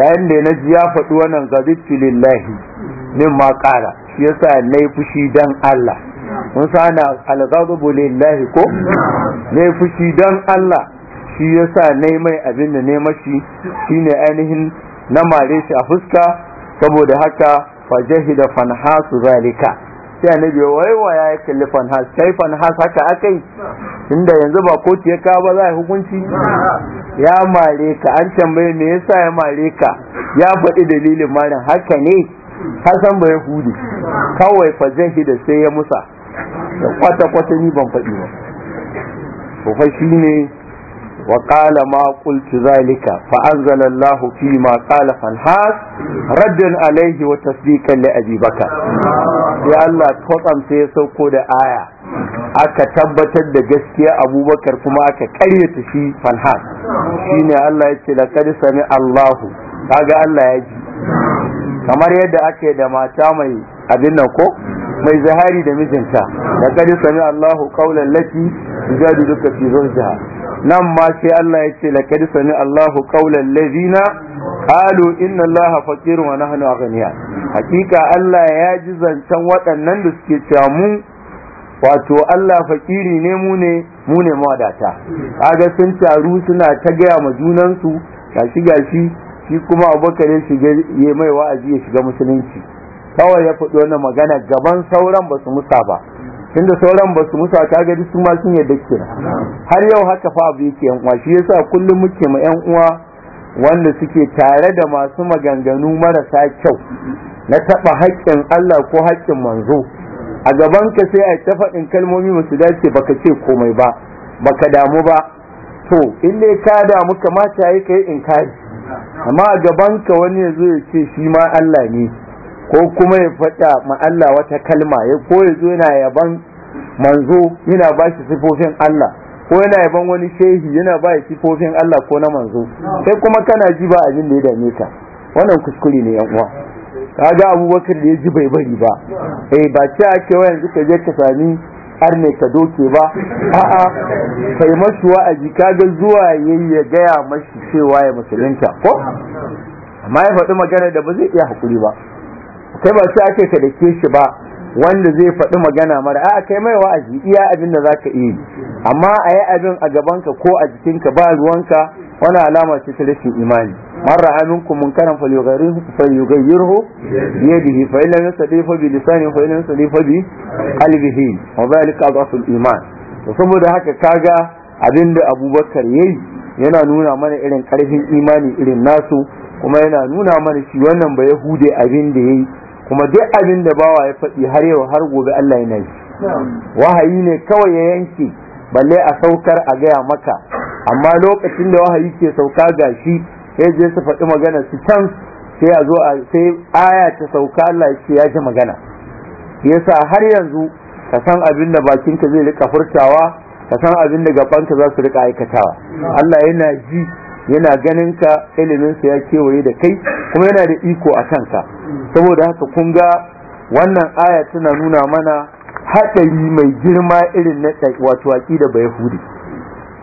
yayin da naji ya faɗi wannan gazitu lillahi min ma qala shi yasa nayi fushi dan Allah mun sana alghadabu lillahi ko ne fushi dan Allah shi yasa ne mai abin da ne mashi shine ainihin na mare shi a fuska saboda haka fajahida fanhasu zalika sai annabi waiwaya ya kalli fanhas kai fanhas haka akai tunda yanzu ba kotu ya kawo ba za a hukunci ya mare ka an tambaye me yasa ya mare ka ya faɗi dalilin marin haka ne hassan san ba hude, kawai fa jahida sai ya musa da kwata kwata ni ban faɗi ba to fa ne wa qala ma qultu zalika fa anzala Allah fi ma qala fal has alaihi wa tasdiqan li abi bakar ya Allah kwatsam sai ya sauko da aya aka tabbatar da gaskiya abubakar kuma aka karyata shi falhan shine Allah ya ce laqad sami Allahu kaga Allah ya ji kamar yadda ake da mata mai abin nan ko mai zahari da mijinta da kadi sami Allahu qaulan lati duka fi zawjiha nan ma sai Allah ya ce lakadi sami Allahu qaulan ladina qalu inna Allaha faqirun wa nahnu aghniya hakika Allah ya ji zancen waɗannan da suke cewa mu wato Allah fakiri ne mu ne mu ne mawadata kaga sun taru suna ta gaya ma junansu gashi gashi shi kuma abubakar ya shiga ya mai wa'azi ya shiga musulunci kawai ya faɗi wannan magana gaban sauran ba su musa ba tunda sauran ba su musa ta gari su ma sun yadda ke har yau haka fa abu yake yan uwa shi yasa kullum muke ma yan uwa wanda suke tare da masu maganganu marasa kyau na taɓa haƙƙin Allah ko haƙƙin manzo a gaban ka sai a ta faɗin kalmomi masu dace baka ce komai ba baka damu ba to in dai ka damu kamata yayi kai inkari amma a gaban ka wani ya zo ya ce shi ma Allah ne ko kuma ya faɗa ma Allah wata kalma ya ko ya yana yaban manzo yana ba shi sifofin Allah ko yana yaban wani shehi yana ba shi sifofin Allah ko na manzo sai kuma kana ji ba abin da ya dame ka wannan kuskure ne yan uwa kaga Abubakar da ya ji bai bari ba eh ba ce ake wa yanzu ka je ka sami har ne ka doke ba a'a kai mashi wa'azi kaga zuwa yayi ya gaya mashi cewa ya musulunta ko amma ya faɗi magana da ba zai iya hakuri ba kai ba sai ake ka dake shi ba wanda zai faɗi magana mara a'a kai mai wa'azi iya abin da zaka iya amma a yi abin a gabanka ko a jikinka ba ruwanka wani alama ce ta rashin imani من رأى منكم منكرا فليغيره فليغيره بيده فإن لم يستطيع فبلسانه فإن لم يستطيع فبقلبه وذلك أضعف الإيمان saboda haka kaga abin da abubakar ya yi yana nuna mana irin karfin imani irin nasu kuma yana nuna mana shi wannan ba yahude abin da yayi kuma duk abin da bawa ya faɗi har yau har gobe Allah yana yi wahayi ne kawai ya yanke balle a saukar a gaya maka amma lokacin da wahayi ke sauka ga shi sai je su faɗi magana su can sai a zo a sai aya ta sauka Allah ya ce ya ji magana yasa har yanzu ka san abin da bakinka zai rika furtawa ka san abin da gabanka za su rika aikatawa Allah yana ji yana ganin ka ilimin sa ya kewaye da kai kuma yana da iko a kanka saboda haka kun ga wannan aya tana nuna mana haɗari mai girma irin na wato aƙida bai hudu.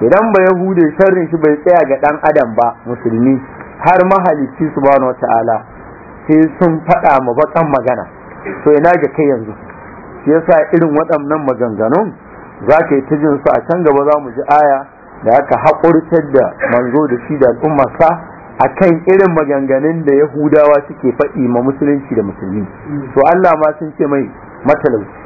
idan ba yahude sharrin shi bai tsaya ga dan adam ba musulmi har mahalicci subhanahu wataala sai sun faɗa ma bakan magana to ina ga kai yanzu shi yasa irin waɗannan maganganun za ka yi ta su a can gaba za mu ji aya da aka haƙurtar da manzo da shi da al'ummarsa a kan irin maganganun da yahudawa suke faɗi ma musulunci da musulmi to allah ma sun ce mai matalauci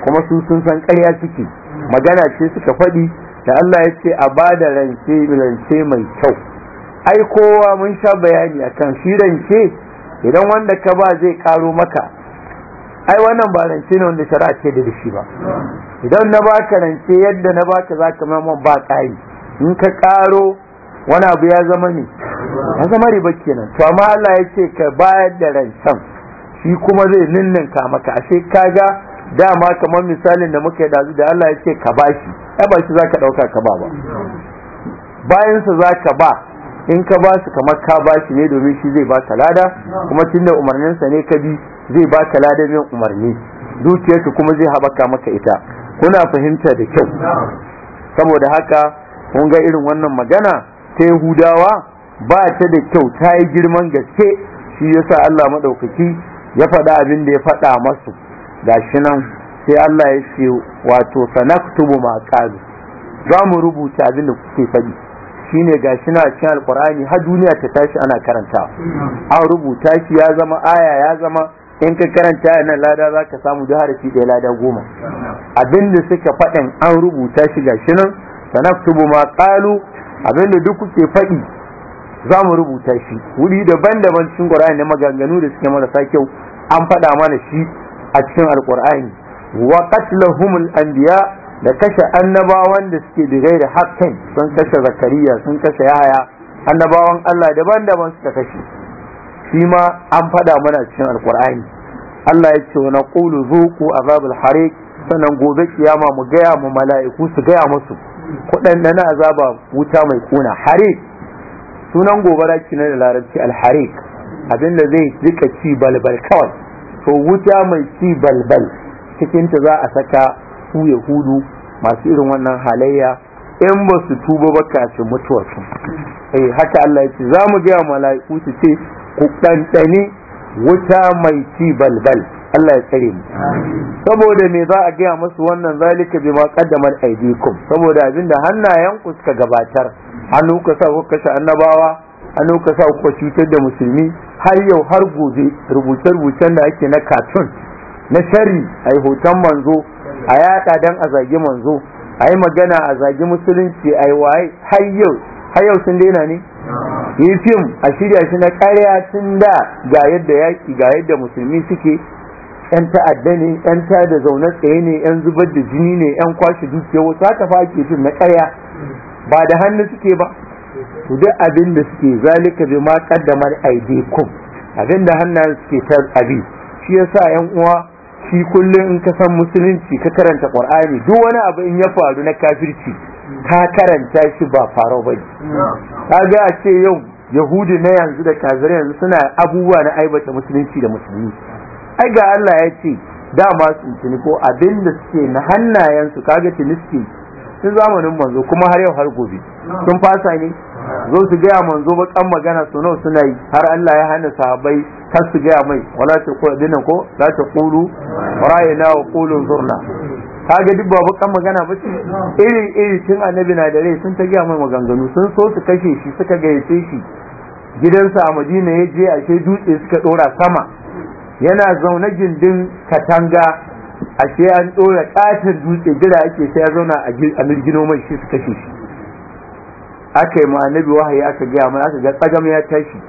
kuma su sun san ƙarya ciki magana ce suka faɗi da Allah ya ce a ba da rance rance mai kyau ai kowa mun sha bayani akan shi rance idan wanda ka ba zai karo maka ai wannan ba rance ne wanda shari'a ce da shi ba idan na baka rance yadda na baka zaka mamman ba ƙari in ka karo wani abu ya zama ne ya zama riba kenan to amma Allah ya ce ka bayar da rancen shi kuma zai ninninka maka ashe kaga dama kamar misalin da muka yi dazu da Allah ya ce ka bashi Ya ba shi ka ɗauka ka ba ba bayan za ka ba in ka ba su kamar ka ba shi ne domin shi zai ba baka lada kuma tunda umarninsa ne ka bi zai ba ka lada bin umarni dukiyarka kuma zai haɓaka maka ita kuna fahimta da kyau saboda haka kun ga irin wannan magana ta yahudawa ba ta da kyau ta yi girman gaske shi yasa Allah maɗaukaki ya faɗa abin da ya faɗa masu gashi nan sai Allah ya ce wato sanaktubu ma qalu za mu rubuta abin da kuke faɗi shine gashi na cikin alqur'ani har duniya ta tashi ana karanta an rubuta shi ya zama aya ya zama in ka karanta a lada za ka samu jihar shi ɗaya lada goma abin da suka faɗin an rubuta shi gashi nan sanaktubu ma qalu abin duk kuke faɗi za mu rubuta shi wuri daban-daban cikin qur'ani na maganganu da suke marasa kyau an faɗa mana shi a cikin alkur'ani wa al anbiya da kashe annabawan da suke da gairi hakkan sun kashe zakariya sun kashe yahaya annabawan Allah daban-daban suka kashe shi ma an faɗa mana cikin alkur'ani Allah ya ce wa naqulu zuqu azabul hariq sannan gobe kiyama mu gaya mu mala'iku su gaya musu kuɗan na azaba wuta mai kuna hariq sunan gobara kina da larabci al hariq abinda zai rika ci balbal kawai to wuta mai ci balbal cikinta za a saka su yahudu masu irin wannan halayya in ba su tuba ba kafi mutuwarsu eh haka Allah ya ce za mu ga mala'iku su ce ku ɗanɗani wuta mai ci balbal Allah ya tsare mu saboda me za a gaya musu wannan zalika ma qaddamat aidikum saboda abinda hannayen ku suka gabatar hannu ka sa ku kashe annabawa an ka sa ko cutar da musulmi har yau har gobe rubuce-rubucen da ake na cartoon na shari a yi hoton manzo a yaɗa don a zagi manzo a yi magana a zagi musulunci a yi waye har yau har yau sun daina ne yi fim a shirya shi na ƙarya tun da ga yadda yaƙi ga yadda musulmi suke yan ta'adda ne yan ta da zaune tsaye ne yan zubar da jini ne yan kwashe dukiya wasu haka fa ake fim na ƙarya ba da hannu suke ba Ku duk abin da suke zalika bi ma qaddamar aidikum abin da hannayen suke ta abi shi yasa yan uwa shi kullum in ka san musulunci ka karanta qur'ani duk wani abu in ya faru na kafirci ka karanta shi ba farau bane ga a ce yau yahudi na yanzu da kafirai yanzu suna abubuwa na aibata musulunci da musulmi ai ga Allah ya ce dama su tuni ko abin da suke na hannayen hannayensu kaga tuni suke tun zamanin manzo kuma har yau har gobe sun fasa ne zo su gaya manzo bakan magana su nau suna yi har Allah ya hana sahabai kar su gaya mai wala ta ko dinan ko za ta qulu ra'ayna wa qulu zurna kaga duk ba bakan magana ba ce iri iri tun annabi na da rai sun ta gaya mai maganganu sun so su kashe shi suka gayyace shi gidansa a Madina ya je ashe dutse suka dora sama yana zaune gindin katanga ashe an dora katin dutse gida ake sai ya zauna a mirgino mai shi su kashe shi aka yi annabi wahayi aka gaya mana aka ga tsagam ya tashi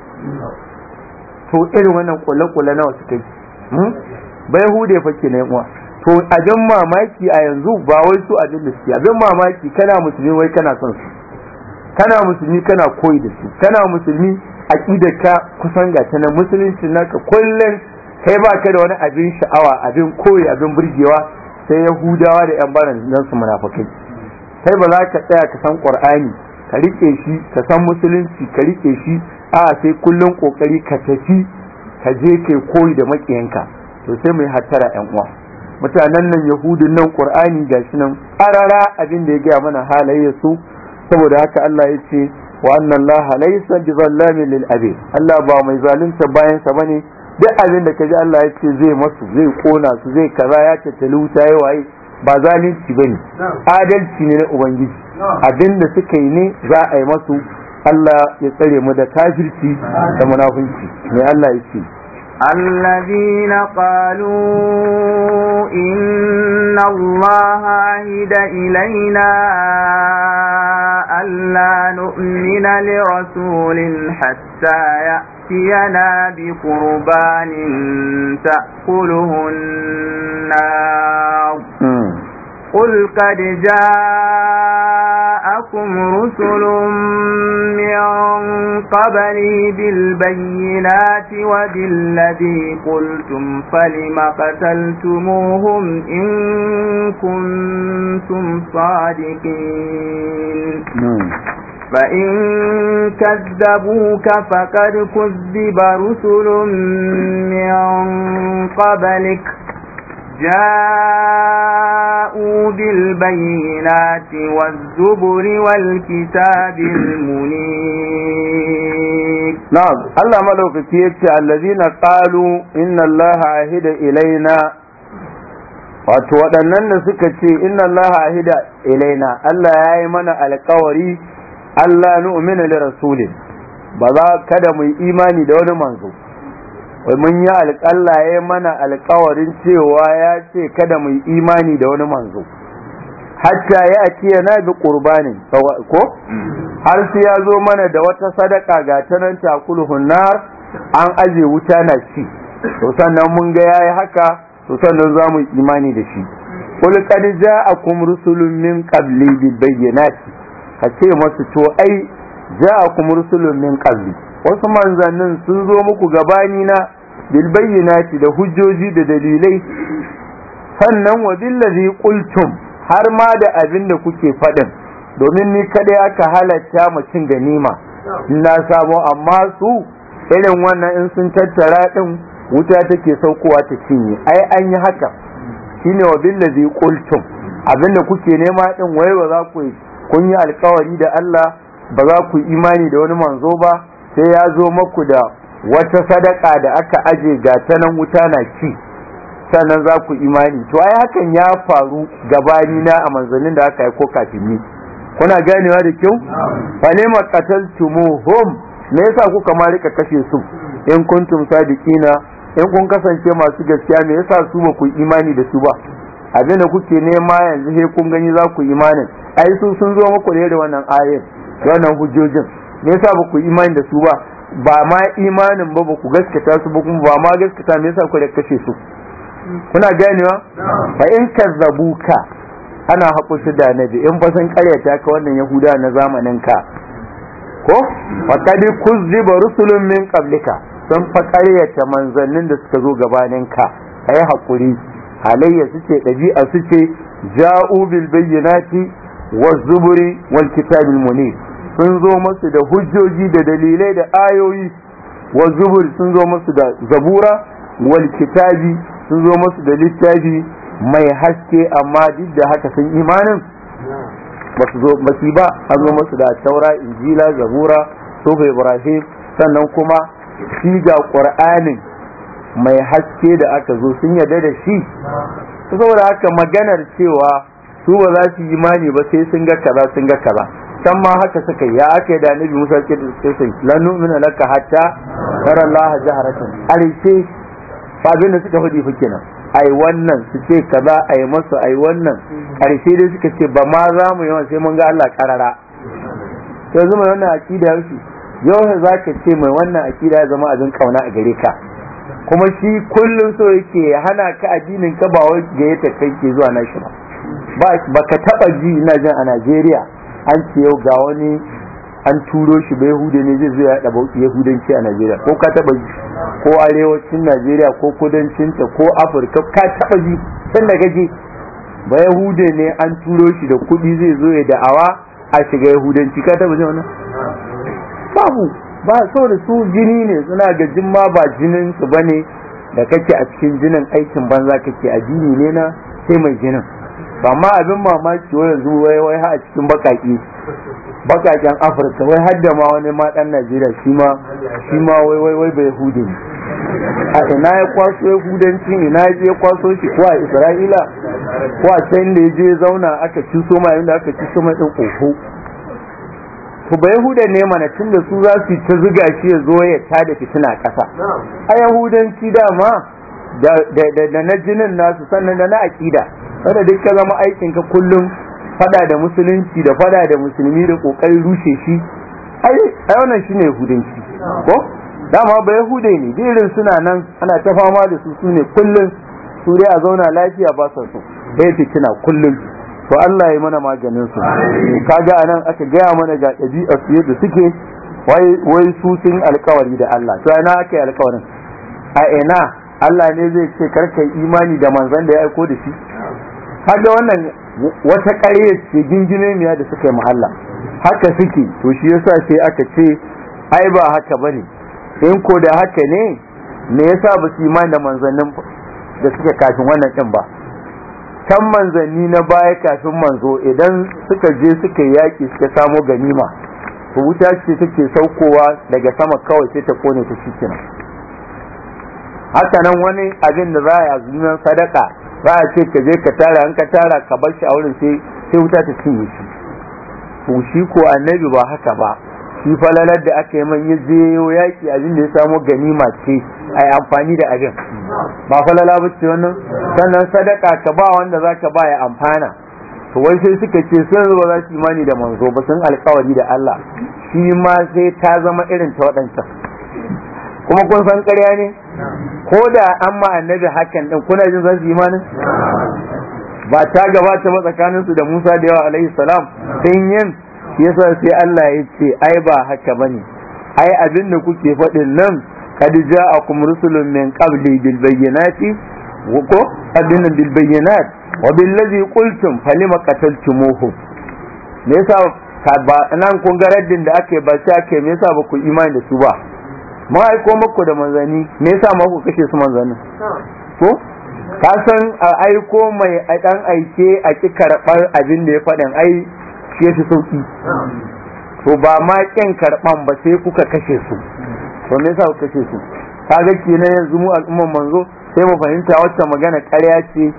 to irin wannan kule-kule nawa suka yi hmm? ba yahude fa ke na yan uwa to abin mamaki a yanzu ba wai su abin da suke abin mamaki kana musulmi wai kana son su kana musulmi kana koyi da su kana musulmi aqidar ka kusan ga ta musulunci ka kullum kai ba ka da wani abin sha'awa abin koyi abin burgewa sai yahudawa da yan baran nan su munafakai. kai ba za ka tsaya ka san qur'ani ka rike shi ka san musulunci ka rike shi a sai kullum kokari ka tafi ka je ke koyi da makiyanka to sai mai hattara yan uwa mutanen nan yahudun nan qur'ani gashi nan arara abin da ya gaya mana halayya su saboda haka Allah ya ce wa anna Allah laysa bizallami lil abid Allah ba mai zalunta bayan sa bane duk abin da kaji Allah ya ce zai masu zai kona su zai kaza ya tattali wuta ya waye ba zalunci ba ne adalci ne na ubangiji abin da suka yi ne za a yi masu Allah ya tsare mu da kafirci da munafunci mai Allah ya ce الذين قالوا إن الله عهد إلينا ألا نؤمن لرسول حتى يأتي يأتينا بقربان تأكله النار قل قد جاءكم رسل من قبلي بالبينات وبالذي قلتم فلم قتلتموهم إن كنتم صادقين فإن كذبوك فقد كذب رسل من قبلك جاءوا بالبينات والزبر والكتاب المنير نعم الله ملوك تيكتي الذين قالوا إن الله عهد إلينا wato waɗannan da suka ce inna Allah ahida ilaina Allah ya yi mana alkawari Allah nu'mina li rasulin ba za kada mu imani da wani manzo mun yi alƙalla ya mana alƙawarin cewa ya ce kada mu imani da wani manzo hatta ya ake na bi ƙurbani ko har sai ya zo mana da wata sadaka ga tanan takuluhun nar an aje wuta na ci to sannan mun ga yayi haka to sannan za mu imani da shi qul qad ja'akum rusulun min qabli bil bayyinati Ka ce masu to ai ja kuma rusulun min qabli wasu manzannin sun zo muku gabani na bil bayyinati da hujjoji da dalilai sannan wa ladhi qultum har ma da abin da kuke faɗin domin ni kaɗai aka halatta mu cin ganima na samu amma su irin wannan in sun tattara din wuta take saukowa ta cinye ai an yi haka shine wa ladhi qultum abin da kuke nema din wai ba za ku kun yi alkawari da Allah ba za ku imani da wani manzo ba sai ya zo maku da wata sadaka da aka aje ga tanan wuta na ci sannan za ku imani to ai hakan ya faru gabani na a manzannin da aka yi ko kafin ni kuna ganewa da kyau fa ne maqataltumuhum me yasa kuka ma rika kashe su in kuntum sadiqina in kun kasance masu gaskiya me yasa su ba ku imani da su ba abinda kuke nema yanzu sai kun gani za ku imanin ai su sun zo muku ne da wannan ayin, da wannan hujjojin me yasa ba ku imani da su ba ba ma imanin ba ba ku gaskata su ba kuma ba ma gaskata me yasa ku da kashe su kuna ganewa fa in kazzabuka ana shi da nabi in fa sun karyata ka wannan yahuda na zamanin ka ko wa qad kuzziba rusulun min qablika sun fa karyata manzannin da suka zo gabanin ka kai hakuri halayya suke dabi'a suke ja'u bil bayyinati والزبر والكتاب المنير sun zo masu da hujjoji da dalilai da ayoyi والزبر sun zo masu da zabura wal kitabi sun zo masu da littafi mai haske amma duk da haka sun imanin ba zo ba ba an zo masu da taura injila zabura sofa ibrahim sannan kuma shi ga qur'anin mai haske da aka zo sun yarda da shi saboda haka maganar cewa su ba za su yi imani ba sai sun ga kaza sun ga kaza can ma haka suka ya ake da nabi Musa ke da suke sai la nu'minu laka hatta tara Allah jaharatan arife fa abin da suka fadi fa nan. ai wannan su ce kaza ai masu ai wannan karshe dai suka ce ba ma za mu yi sai mun ga Allah karara to zuma wannan akida yau yau za ka ce mai wannan akida ya zama abin kauna a gare ka kuma shi kullum so yake hana ka addinin ka ba wai ga yake kai ke zuwa nashi ba ba ka taba ji ina jin a Najeriya an ce yau ga wani an turo shi bai hude ne zai zo ya yahudanci a Najeriya ko ka taba ji ko arewacin Najeriya ko kudancin ta ko Afirka ka taba ji san da gaje ba yahude ne an turo shi da kuɗi zai zo ya da'awa a shiga yahudanci ka taba ji wannan babu ba so da su jini ne suna ga ma ba jinin su bane da kake a cikin jinin aikin banza kake addini ne na sai mai jinin ba ma abin mamaki wai yanzu wai wai ha a cikin bakaki bakaken afirka wai har da ma wani ma dan najeriya shi ma shi ma wai wai wai bai hude a ina ya kwaso ya hudanci ina ya je kwaso shi ko a isra'ila ko a can da ya je zauna aka ci ma yayin da aka ci ma din koko to ba yahuda ne mana tun da su za su ta zuga shi ya zo ya tada fitina ƙasa a yahudanci dama da na jinin nasu sannan da na aƙida wanda duk ka zama aikinka kullum fada da musulunci da fada da musulmi da ƙoƙari rushe shi ai wannan shine yahudanci ko dama ba yahude ne irin suna nan ana ta fama da su sune kullum su dai a zauna lafiya ba su so bai fitina kullum to Allah ya mana maganin su kaga anan aka gaya mana ga a su yadda suke wai wai su sun alkawari da Allah to ina aka yi alƙawarin? a ina Allah ne zai ce yi imani da manzan da ya aiko da shi kaga wannan wata ƙarya ce gingine da suka yi mahalla haka suke to shi yasa sai aka ce ai ba haka ba ne? in ko da haka ne me yasa ba su imani da manzannin da suke kafin wannan ɗin ba Can manzanni na baya kafin manzo idan suka je suka yaƙi suka samo ganima to wuta ce take saukowa daga sama kawai sai ta kone ta shi kenan haka nan wani abin da za a zunan sadaka za a ce ka je ka tara an ka tara ka bar shi a wurin sai sai wuta ta cinye shi to shi ko annabi ba haka ba shi falalar da aka yi man ya je yaki abin da ya samo ganima ce a yi amfani da abin ba falala ba ce wannan sannan sadaka ka ba wanda za ka ba ya amfana to wai sai suka ce sun zuba za su imani da manzo ba sun alkawari da Allah shi ma sai ta zama irin ta waɗancan kuma kun san ƙarya ne ko da an maannabi hakan ɗin, kuna jin zan su imanin ba ta gabata ba tsakanin su da Musa da yawa alaihi salam sun yin yasa sai Allah ya ce ai ba haka bane ai abin da kuke faɗin nan kad ja'akum rusulun min qabli bil bayyinati ko abin bil bayyinat wa bil ladhi qultum falima qataltumuhum me yasa ba nan kun ga raddin da ake ba sai ake me yasa ba ku imani da su ba mun aiko muku da manzani me yasa ma ku kashe su manzani, ko ka san a aiko mai a dan aike a ki karɓar abin da ya faɗin ai shi ya sauki to ba ma kin karɓan ba sai kuka kashe su to me yasa ku kashe su kaga kenan yanzu mu al'umman manzo sai mu fahimta wacce magana ƙarya ce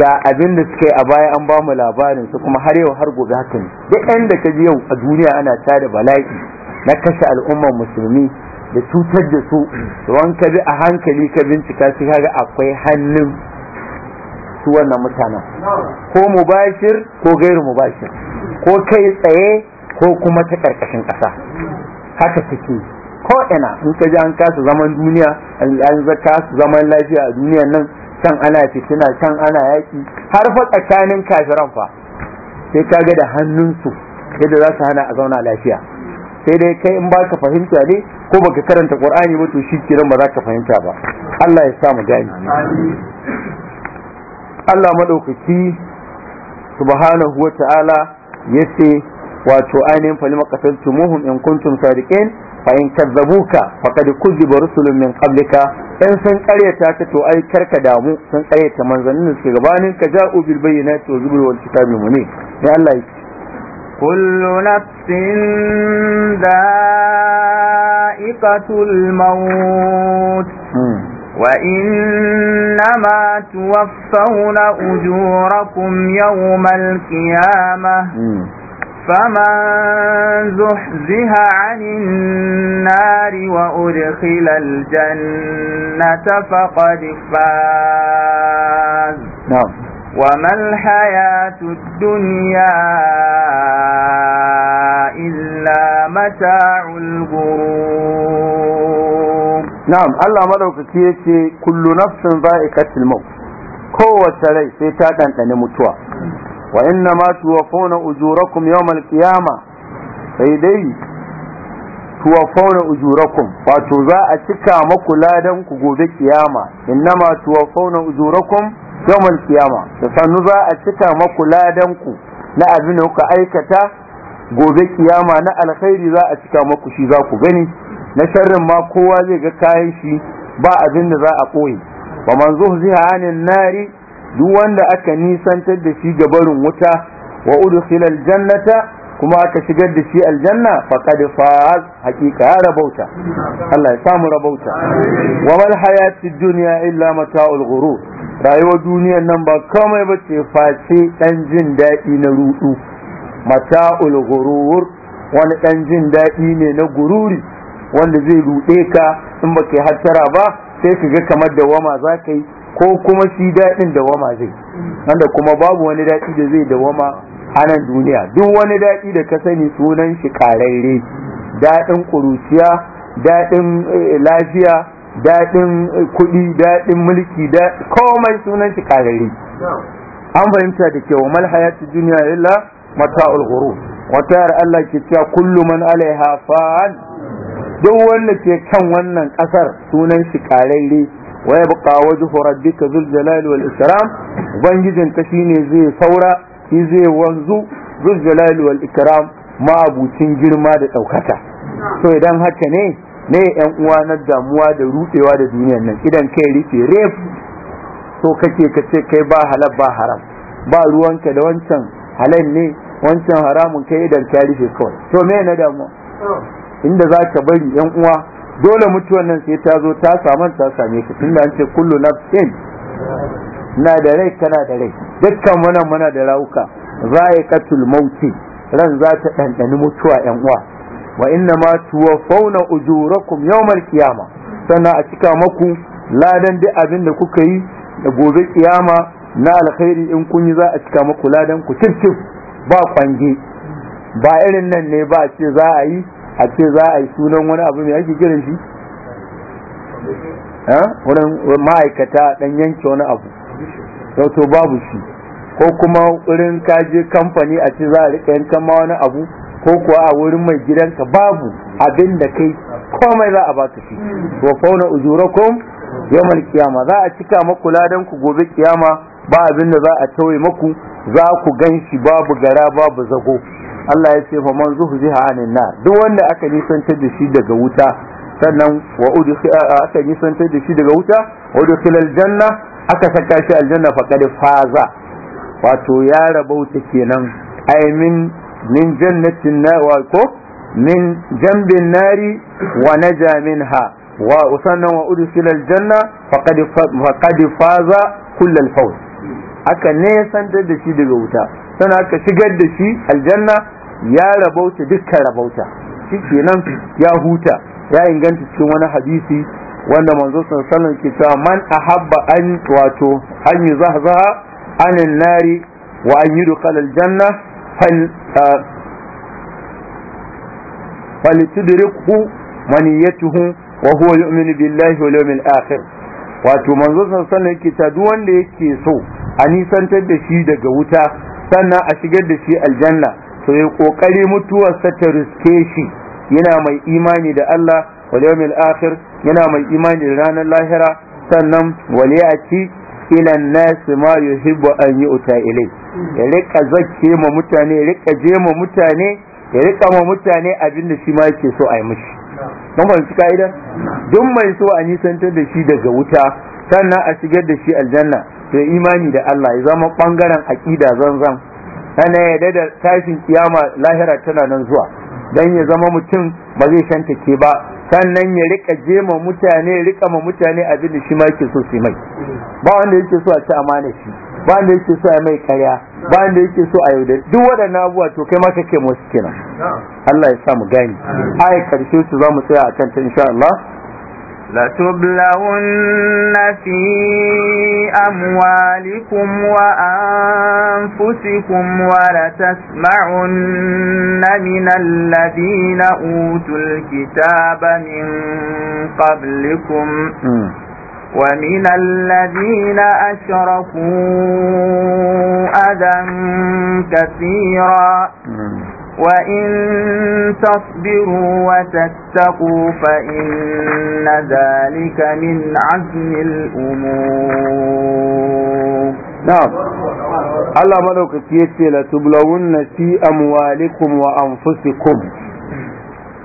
ga abin da suka yi a baya an ba mu labarin su kuma har yau har gobe haka ne duk inda ka ji yau a duniya ana tada bala'i na kashe al'ummar musulmi da cutar da su ruwan ka bi a hankali ka bincika sai kaga akwai hannun su wannan mutanen ko mubashir ko gairu mubashir ko kai tsaye ko kuma ta karkashin ƙasa haka take ko ina in ka ji an kasa zaman duniya an zaka zaman lafiya a duniyan nan can ana fitina can ana yaki har fa tsakanin kafiran fa sai kaga da hannun su yadda za su hana a zauna lafiya sai dai kai in baka fahimta ne ko baka karanta qur'ani ba to kiran ba za ka fahimta ba Allah ya sa mu gani Allah madaukaki subhanahu wata'ala yace wato ainihin falima muhum in kuntum sadiqin fa in kadzabuka faqad kuzziba rusulun min qablika in sun karyata ka to ai karka damu san karyata manzannin da suke gabanin ka ja'u bil bayyinati wa zubur wal kitabil ya Allah كل نفس ذائقة الموت وإنما توفون أجوركم يوم القيامة فمن زحزح عن النار وأدخل الجنة فقد فاز نعم وما الحياة الدنيا إلا متاع الغرور نعم الله مدوك كيتي كل نفس ذائقة الموت قوة لي سيتاتا أن متوى وإنما توفون أجوركم يوم القيامة سيدي توفون ujurakum wato za a cika maku ladan ku gobe kiyama innama yawmal kiyama da sannu za a cika maku ladan ku na abin da kuka aikata gobe kiyama na alkhairi za a cika maku shi za ku gani na sharrin ma kowa zai ga kayan shi ba abin da za a koyi ba man zuhziha anin nari duk wanda aka nisantar da shi ga barin wuta wa udkhila aljannata kuma aka shigar da shi aljanna faqad faz hakika ya rabauta Allah ya samu rabauta wa mal hayatid dunya illa mata'ul ghurur rayuwar duniyar nan ba komai ba ce face dan jin daɗi na rudu mata'ul ghurur wani dan jin daɗi ne na gururi wanda zai rude ka in ba kai hattara ba sai ka ga kamar da wama za ka yi ko kuma shi daɗin da wama zai wanda kuma babu wani daɗi da zai da wama a duniya duk wani daɗi da ka sani sunan shi ƙararre daɗin ƙuruciya daɗin eh, lafiya daɗin eh, kuɗi daɗin mulki da komai sunan shi ƙararre an fahimta da kyau mal hayatu duniya illa mata'ul ghurur wata yar Allah ke cewa kullu man alaiha fan duk wanda ke kan wannan kasar sunan shi ƙararre wa yabqa wajhu rabbika dhul jalali wal ikram ubangijin ta shine zai saura shi zai wanzu zul jalali wal ikram ma'abucin girma da ɗaukata. so idan haka ne ne yan uwa na damuwa da ruɗewa da duniyar nan idan kai rufe ref so kake ka ce kai ba halal ba haram ba ruwanka da wancan halal ne wancan haramun kai idan ka rufe kawai to me na damuwa inda za ka bari yan uwa dole mutuwan nan sai ta zo ta samu ta same ka tunda an ce kullu nafsin na da rai kana da rai dukkan mana muna da rauka katul mauti ran za ta ɗanɗani mutuwa yan uwa wa inna ma tuwa fauna ujurakum yawmal kiyama sannan a cika maku ladan duk abin da kuka yi da gobe kiyama na alkhairi in kun yi za a cika maku ladan ku cikin ba kwange ba irin nan ne ba ce za a yi a ce za a yi sunan wani abu mai ake kiran shi eh? wurin ma'aikata dan yanke wani abu wato babu shi ko kuma wurin kaje kamfani a ce za a rika yankan ma wani abu ko kuwa a wurin mai gidanka babu abin da kai komai za a baka shi wa fauna ujurakum yawmal kiyama za a cika maku ladan ku gobe kiyama ba abin da za a tauye maku za ku ganshi babu gara babu zago Allah ya ce fa man zuhziha anin nar duk wanda aka nisantar da shi daga wuta sannan wa aka nisanta da shi daga wuta wa udkhila aljanna aka saka shi aljanna fa faqad faza wato ya rabauta kenan ai min min jannatin na wa ko min jambin nari wa naja minha wa sannan wa udkhila aljanna fa faqad faza kull alfawz aka nesantar da shi daga wuta sannan aka shigar da shi aljanna ya rabauta dukkan rabauta shi kenan ya huta ya inganta cikin wani hadisi wanda manzo sallallahu ke cewa man ahabba an wato an yuzahzaha an nari wa an yudkhal aljanna falitudrikhu maniyatuhu wa huwa yu'minu billahi wal yawmil akhir wato manzo sallallahu alaihi kita duk wanda yake so a nisantar da shi daga wuta sannan a shigar da shi aljanna to ya kokari mutuwarsa ta riske shi yana mai imani da Allah wal yawmil akhir yana mai imani da ranar lahira sannan wale a ci ilan nasi ma yuhibbu an yi uta ilai ya rika zakke ma mutane ya rika je ma mutane ya rika ma mutane abin da shi ma yake so a yi mishi don fahimci ka'idan. duk mai so a nisantar da shi daga wuta sannan a shigar da shi aljanna to imani da Allah ya zama bangaren aqida zanzan ana ya da tashin kiyama lahira tana nan zuwa dan ya zama mutum ba zai shanta ke ba sannan ya rika jema mutane rika ma mutane abin da shi ma yake so su mai ba wanda yake so a ci amana shi ba wanda yake so a mai karya ba wanda yake so a yaudar duk waɗannan abubuwa to kai ma kake musu kenan Allah ya sa mu gani ai karshe su za mu tsaya a kan ta insha Allah لتبلغن في أموالكم وأنفسكم ولتسمعن من الذين أوتوا الكتاب من قبلكم ومن الذين أشركوا أذى كثيرا وإن تصبروا وتتقوا فإن ذلك من عزم الأمور نعم الله ملوك يتي لتبلون في أموالكم وأنفسكم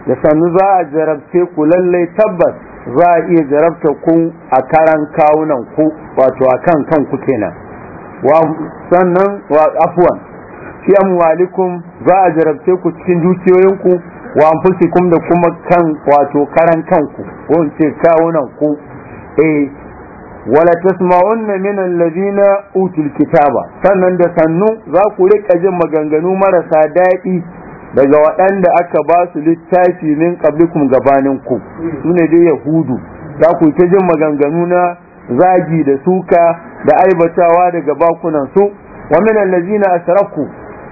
لسنو za a jarabce ku lallai tabbas za a iya jarabta ku a karan kawunan ku wato a kan kanku kenan sannan afuwan fi amwalikum za a jarabce ku cikin dukiyoyinku wa anfusikum da kuma kan wato karan kanku ko in ce kawunan ku eh wala tasma'unna min alladhina utul kitaba sannan da sannu za ku rika jin maganganu marasa daɗi daga waɗanda aka ba su littafi min qablikum gabaninku hmm. sune dai yahudu za ku ta jin maganganu na zagi da suka da aibatawa daga bakunan su wa min alladhina asrafu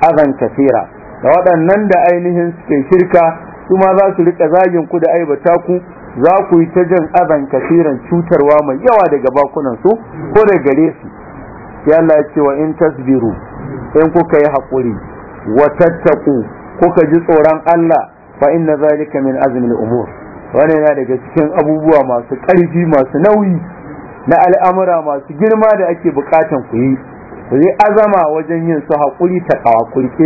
azan kafira da waɗannan da ainihin suke shirka su ma za su rika zagin ku da aibata ku za ku yi ta jin azan kafiran cutarwa mai yawa daga bakunan su ko da gare su ya Allah ya ce wa in tasbiru in kuka yi haƙuri wa tattaku kuka ji tsoron Allah fa inna zalika min azmil umur wannan yana daga cikin abubuwa masu ƙarfi masu nauyi na al'amura masu girma da ake bukatan ku yi ku yi azama wajen yin su haƙuri ta kawa ku su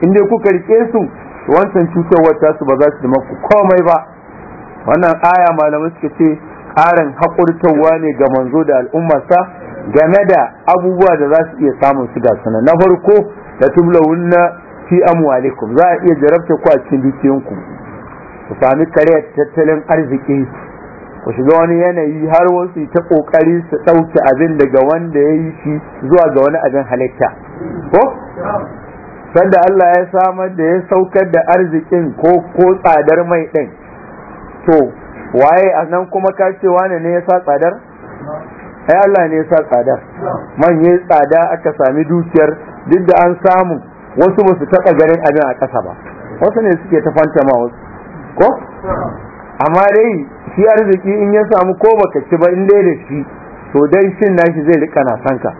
in dai kuka rike su wancan cutarwar su ba za su da maku komai ba wannan aya malamai suka ce ƙarin haƙurtarwa ne ga manzo da al'ummarsa game da abubuwa da za su iya samun su gasu na farko da na fi amwalikum za a iya jarabta ku a cikin dukiyanku ku sami kare tattalin arziki ku shiga wani yanayi har wasu ta kokari su ɗauki abin daga wanda ya yi shi zuwa ga wani abin halitta ko sanda Allah ya samar da ya saukar da arzikin ko ko tsadar mai din to waye a nan kuma ka ce wani ne ya sa tsadar ai Allah ne ya sa tsadar man tsada aka sami dukiyar duk da an samu wasu ba su taɓa garin abin a ƙasa ba wasu ne suke ta fantama wasu ko amma dai shi arziki in ya samu ko baka ci ba in dai da shi to dai shin nashi zai rika na sanka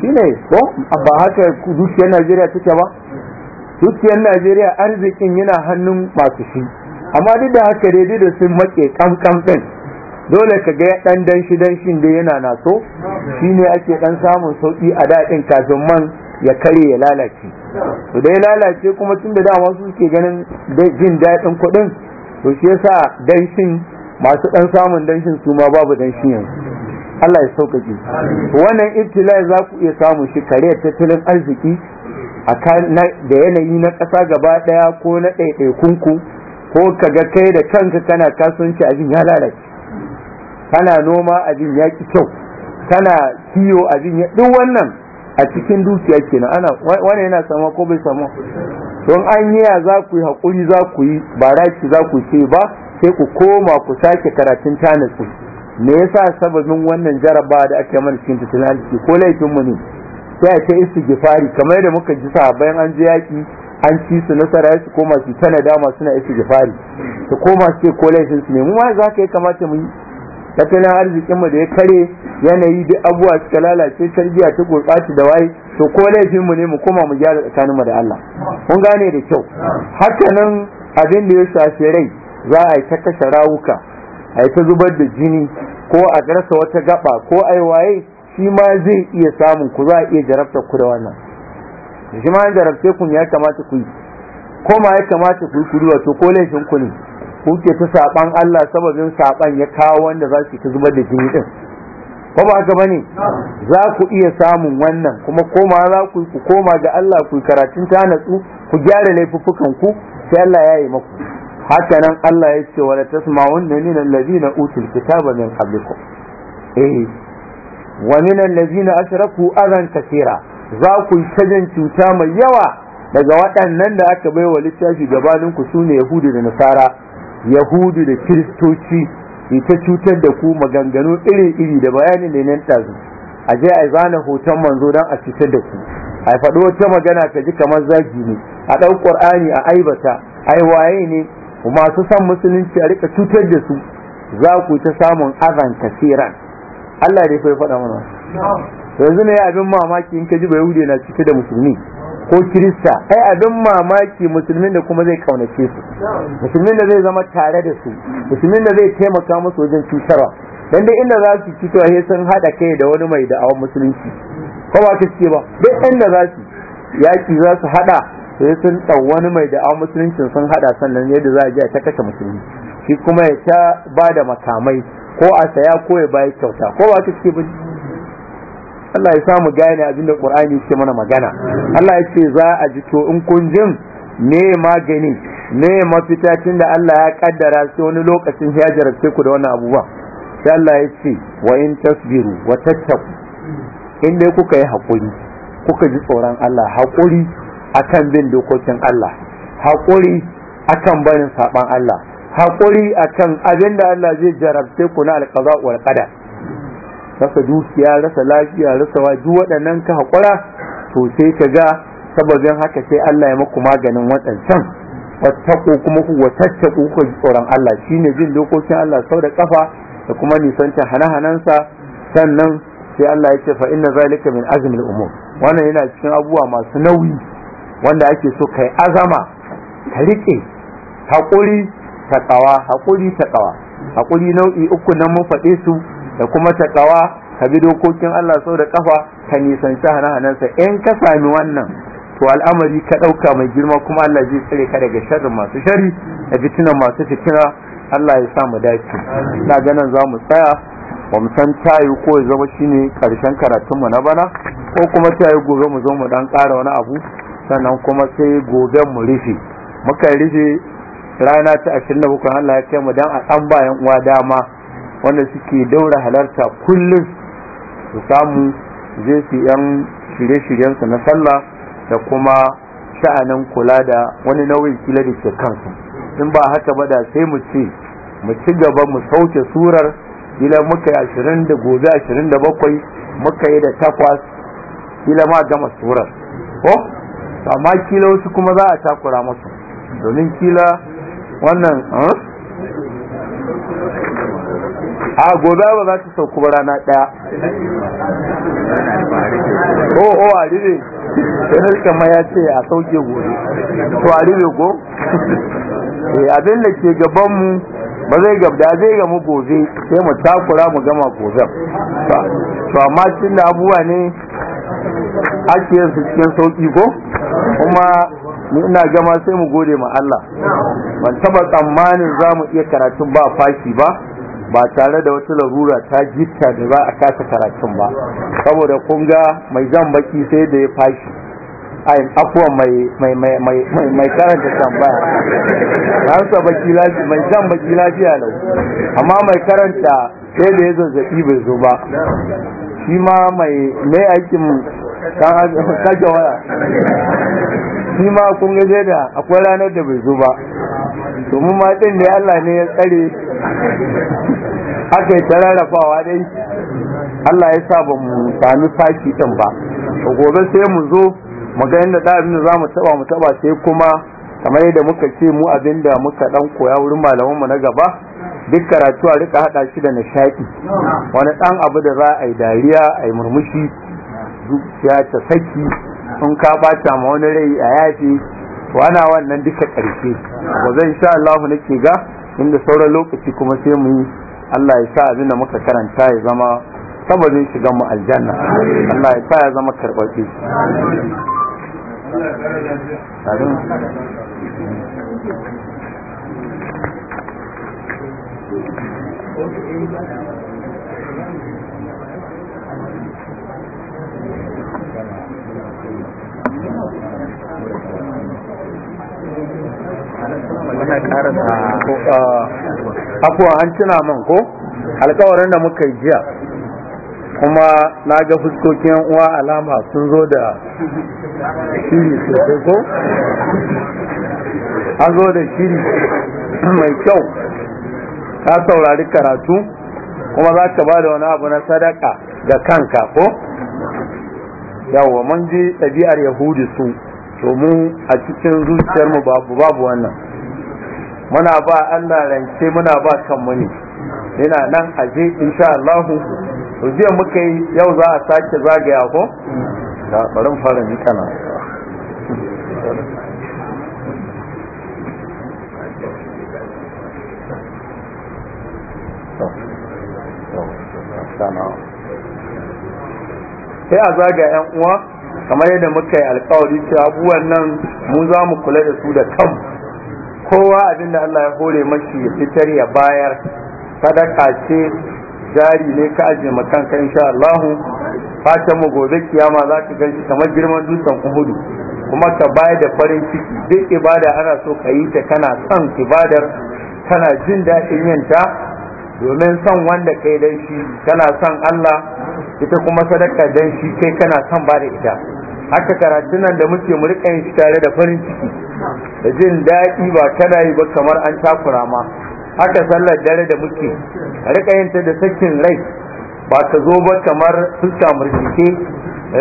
shine ko ba haka dukiyar Najeriya take ba dukiyar Najeriya arzikin yana hannun masu shi amma duk da haka dai da sun make kankan din dole ka ga dan dan shi dan shin da yana na so shine ake dan samun sauki a daɗin kafin man ya kare ya lalace to dai lalace kuma tunda dama su ke ganin jin daɗin kuɗin to shi yasa danshin masu dan samun danshin su ma babu danshin yanzu Allah ya sauƙaƙe wannan ibtila za ku iya samun shi kare tattalin arziki da yanayi na ƙasa gaba ɗaya ko na ɗaiɗaikunku ko ka ga kai da kanka kana kasuwanci abin ya lalace kana noma abin ya ƙi kyau kana kiyo abin ya duk wannan a cikin dukiya kenan ana wani yana sama ko bai sama? don an yi ya za ku yi haƙuri za ku yi ba raki za ku ce ba sai ku koma ku sake karatun tanasi me yasa sababin wannan jaraba da ake mana cikin tattalin ko laifin mu ne sai a ce istighfari kamar da muka ji bayan an je yaki an ci su nasara su koma su tana dama suna istighfari su koma su ce ko laifin su ne mu ma za ka yi kamata mu yi tattalin arzikin mu da ya kare yanayi duk abuwa suka lalace tarbiyya ta gurɓaci da waye to ko laifin mu ne mu koma mu gyara tsakanin mu da Allah mun gane da kyau haka nan abin da ya shafi rai za a yi ta kashe rawuka a yi ta zubar da jini ko a garsa wata gaba ko a waye shi ma zai iya samun ku za a iya jarabta ku da wannan shi ma an ku ya kamata ku yi ko ma ya kamata ku yi ku to ko laifin ku ne kuke ta saban Allah sababin saban ya kawo wanda za su ta zubar da jini din ko ba haka bane za ku iya samun wannan kuma koma za ku ku koma ga Allah ku karatun ta natsu ku gyara laifuffukan ku sai Allah ya yi maku haka nan Allah ya ce wala tasma'unna min alladhina utul kitaba min qablikum eh wa min alladhina asharaku adan kaseera za ku tajin cuta mai yawa daga waɗannan da aka baiwa littafi gabaninku sune yahudu da nasara yahudu da kiristoci ita cutar da ku maganganu iri-iri da bayani ne nan ɗazu a je a zana hoton manzo don a cutar da ku a faɗo wata magana ka ji kamar zagi ne a ɗau ƙwar'ani a aibata ai waye ne masu san musulunci a rika cutar da su za ku ta samun azan kasiran Allah dai fai faɗa mana yanzu ne abin mamaki in ka ji ba yahudu na cutar da musulmi ko kirista ai abin mamaki musulmin da kuma zai kaunace su musulmin da zai zama tare da su musulmin da zai taimaka musu wajen cutarwa dan dai inda za su cutarwa sai sun hada kai da wani mai da'awar musulunci ko ba ka ce ba duk inda za su yaki za su hada sai sun dau wani mai da'awar musulunci sun hada sannan yadda za a ji a ta kashe musulmi shi kuma ya ta ba da makamai ko a saya ko ya bayar kyauta ko ba ka ce ba Allah ya samu gane abin da Qur'ani yake mana magana Allah ya ce za a ji to in kun jin me magani me mafita da Allah ya kaddara sai wani lokacin ya jarabce ku da wannan abubuwa sai Allah ya ce wa in tasbiru wa tattaku in dai kuka yi hakuri kuka ji tsoron Allah hakuri akan bin dokokin Allah hakuri akan barin saban Allah hakuri akan abin da Allah zai jarabce ku na alqaza wal qadar rasa dukiya rasa lafiya rasa wa waɗannan ka haƙura to sai ka ga sababin haka sai Allah ya maku maganin waɗancan wattaqu kuma ku wattaqu ku tsoron Allah shine jin dokokin Allah sau da kafa da kuma nisanta hana-hanansa sannan sai Allah ya ce fa inna zalika min azmil umur wannan yana cikin abubuwa masu nauyi wanda ake so kai azama ka rike haƙuri ta kawa haƙuri ta kawa haƙuri nau'i uku nan mun faɗe su da kuma ta kawa ka bi dokokin Allah sau da kafa ka nisanci hana-hanansa in ka sami wannan to al'amari ka ɗauka mai girma kuma Allah zai tsare ka daga sharri masu shari da fitinan masu fitina Allah ya sa mu dace na ganin za mu tsaya ba mu san tayi ko ya zama shine karshen karatun mu na bana ko kuma tayi gobe mu zo mu dan ƙara wani abu sannan kuma sai gobe mu rufe muka rufe rana ta 27 Allah ya kai mu dan a ɗan bayan uwa dama wanda suke daura halarta kullum su samu zai su yan shirye su na sallah da kuma sha'anin kula da wani nauyin kila da ke kansu in ba haka ba da sai mu ce mu ci gaba mu sauke surar kila muka yi ashirin da gobe ashirin da bakwai muka yi da takwas kila ma gama surar ko amma kila wasu kuma za a takura musu domin kila wannan eh? a gobe ba za ta sauku ba rana ɗaya o oh, o oh, a ribe sai kama ya ce a sauke gobe to a ribe ko eh, abin da ke gabanmu ba zai gabda zai gamu gobe sai mu takura mu gama gozan to amma cin da abubuwa ne ake yin su cikin sauki ko kuma ni ina gama sai mu gode ma Allah ban taba tsammanin za mu iya karatun ba fashi ba ba tare da wata larura ta jitta da za a kasa karatun ba saboda kun ga mai zan baki sai da ya fashi ayin afuwa mai karanta tambaya ransa baki lafiya mai zan baki lafiya lau amma mai karanta sai da ya zazzabi bai zo ba shi ma mai aikin ka ga waya shi ma kun ga da akwai ranar da bai zo ba domin ma din ne Allah ne ya tsare aka yi ta dai Allah ya sa ba mu sami faki din ba gobe sai mu zo mu ga yadda da abin za mu taba mu taba sai kuma kamar yadda muka ce mu abinda muka dan koya wurin malaman mu na gaba duk karatu a rika hada shi da nishaɗi wani ɗan abu da za a yi dariya a yi murmushi duk zuciya ta saki sun ka bata ma wani rai a yafi wana wannan duka ƙarshe ba zai sha Allah nake ga inda sauran lokaci kuma sai mu yi Allah ya sa abin da muka karanta ya zama shi shiga mu aljanna Allah ya sa ya zama karɓaɓe Thank eh, you. muna karasa ah, an tuna man ko alkawarin da muka yi jiya kuma na ga fuskokin uwa alama sun zo da shiri sosai ko an zo da shiri mai kyau ka saurari karatu kuma za ka ba da wani abu na sadaka ga kanka ko yawa mun ji ɗabi'ar yahudi su domin a cikin zuciyarmu babu babu wannan muna ba Allah rance muna ba kanmu ne ina nan aje insha Allah to je muka yi yau za a sake zagaya ko da bari mu fara ni kana sai a zaga yan uwa kamar yadda muka yi alkawari cewa abubuwan nan mu za mu kula da su da kanmu kowa abin da Allah ya hore mashi ya fitar ya bayar sadaka ce jari ne ka ajiye makanka insha Allah fatan mu gobe kiyama za ka ganshi kamar girman dutsen Uhudu kuma ka bayar da farin ciki duk ibada ana so ka yi ta kana son ibadar kana jin daɗin ta domin son wanda kai dan shi kana son Allah ita kuma sadaka dan shi kai kana son ba da ita haka karatun nan da muke mu rika yin shi tare da farin ciki da jin daɗi ba kana yi ba kamar an takura ma haka sallar dare da muke rika yin ta da sakin rai ba ka zo ba kamar fuska murjike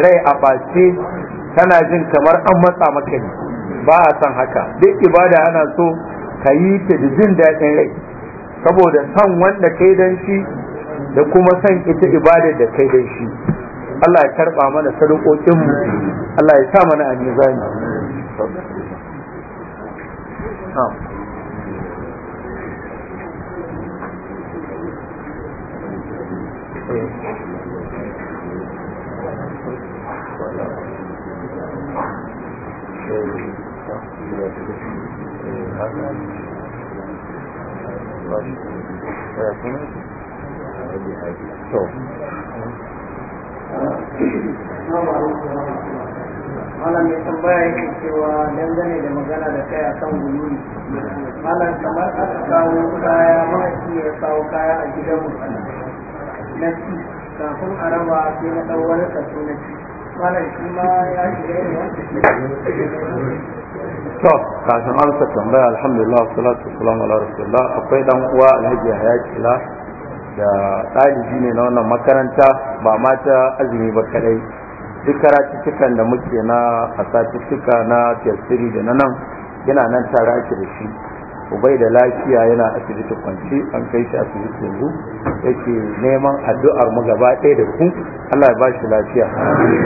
rai a ɓace tana jin kamar an matsa maka ne ba a san haka duk ibada ana so ka yi ta da jin daɗin rai saboda san wanda kai dan shi da kuma san ita ibada da kai dan shi Allah ya karba mana sadakokin mu Allah ya sa mana a mizani Thank you. malam mai tambaya yake cewa dangane da magana da kai akan gululi malam kamar aka kawo kaya mahaifi ya kawo kaya a gidan mutum na ci kafin a raba sai na ɗau wani kaso na ci malam shi ma ya shiga yin wani to kafin amsa tambaya alhamdulillah salatu wassalamu ala rasulillah akwai dan uwa alhaji ya kila da ɗalibi ne na wannan makaranta ba mata azumi ba kadai duk karatuttukan da muke na asatuttuka na tafsiri da na nan yana nan tare ake da shi ubai da lafiya yana asibiti kwanci an kai shi asibiti yanzu yake neman addu'ar mu gaba ɗaya da ku Allah ya bashi lafiya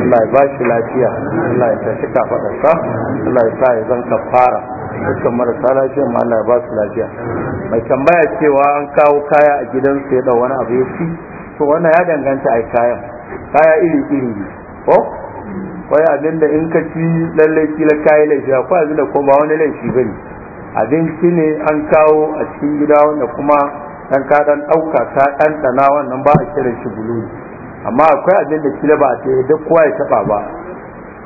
Allah ya bashi lafiya Allah ya tashi kafadarsa Allah ya sa ya zan kafara dukkan marasa lafiya ma Allah ya bashi lafiya mai tambaya cewa an kawo kaya a gidansu ya dau wani abu ya ci to wannan ya danganta a kayan kaya iri iri ne ko wai abinda in ka ci lallai kila kayi laifi akwai abinda ko ba wani laifi bane abinci ne an kawo a cikin gida wanda kuma dan ka dan ɗauka ka ɗanɗana wannan ba a kiran shi bulu, amma akwai abin da kila ba ta duk kowa ya taɓa ba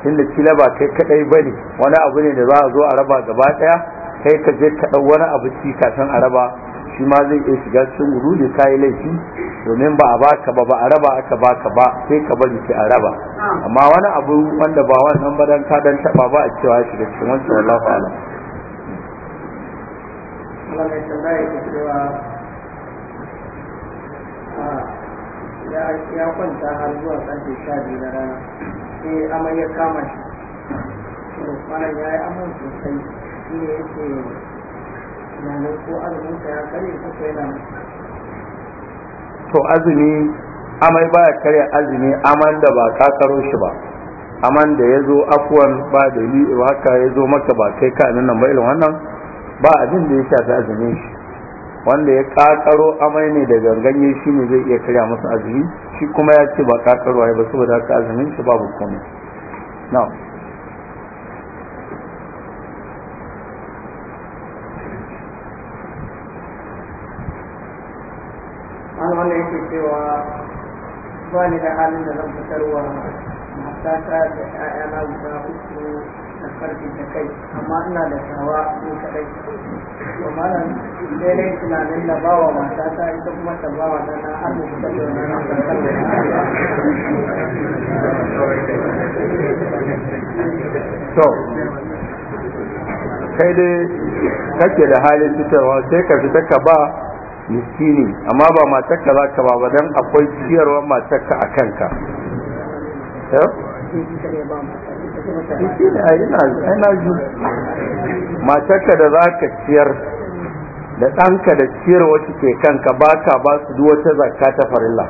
inda kila ba kai kaɗai ba ne wani abu ne da za a zo a raba gaba ɗaya kai ka je ka ɗau wani abu ci kafin a raba shi ma zai iya shiga cikin gululi ka yi laifi domin ba a baka ba ba a raba aka baka ba sai ka bari ki a raba ah. amma wani abu wanda ba wannan ba dan ka taɓa ba a cewa ya shiga cikin wancan wallahu wannan tambaya ke cewa ah, ya kwanta har zuwa ƙarfe sha biyu na rana sai amai ya kama shi malam ya yi amon sosai shi ne yake tunanin ko azumin ka ya karye ko kai yana to azumi amai ba ya karya azumi aman da ba ka karo shi ba aman da ya zo afuwan ba da haka ya zo maka ba kai ka nan ba irin wannan ba abin da ya shafi azumin shi wanda ya kakaro amai ne da ganganye shi ne zai iya karya masa azumi shi kuma ya ce ba kakaro ya ba saboda haka azumin shi babu komai na'am an wanda yake cewa ba ni da halin da zan fitarwa matata da 'ya'yana guda uku da kai da kadai to sai kai dai kake da halin fitarwa sai ka fita ka ba miskini amma ba matarka za ka ba ba don akwai siyarwar matarka a kanka eh? shi ne a matarka da za ka ciyar da ɗanka da ciyar wacce ke kanka ba ka ba su duk wata zakka ta farilla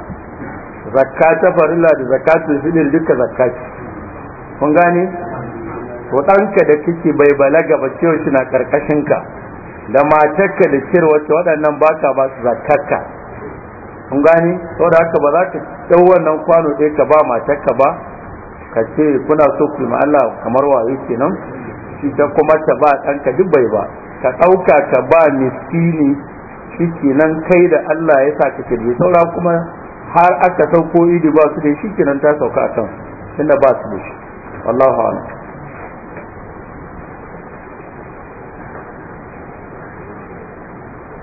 zakka ta farilla da ta fitr duka zakka ce kun gane to ɗanka da kike bai balaga ba ciyar shi na ƙarƙashinka, da matarka da ciyar wacce waɗannan ba ka ba su zakkarka kun gane saboda haka ba za ka ɗau wannan kwano ɗaya ka ba matarka ba ka ce kuna so ku ma Allah kamar waye kenan ta kuma ta ba ɗanka duk bai ba ka ɗauka ka ba miskini shi nan kai da Allah ya sa ka kirje saura kuma har aka sauko idi ba su da shi nan ta sauka a kan tunda ba su da shi a'lam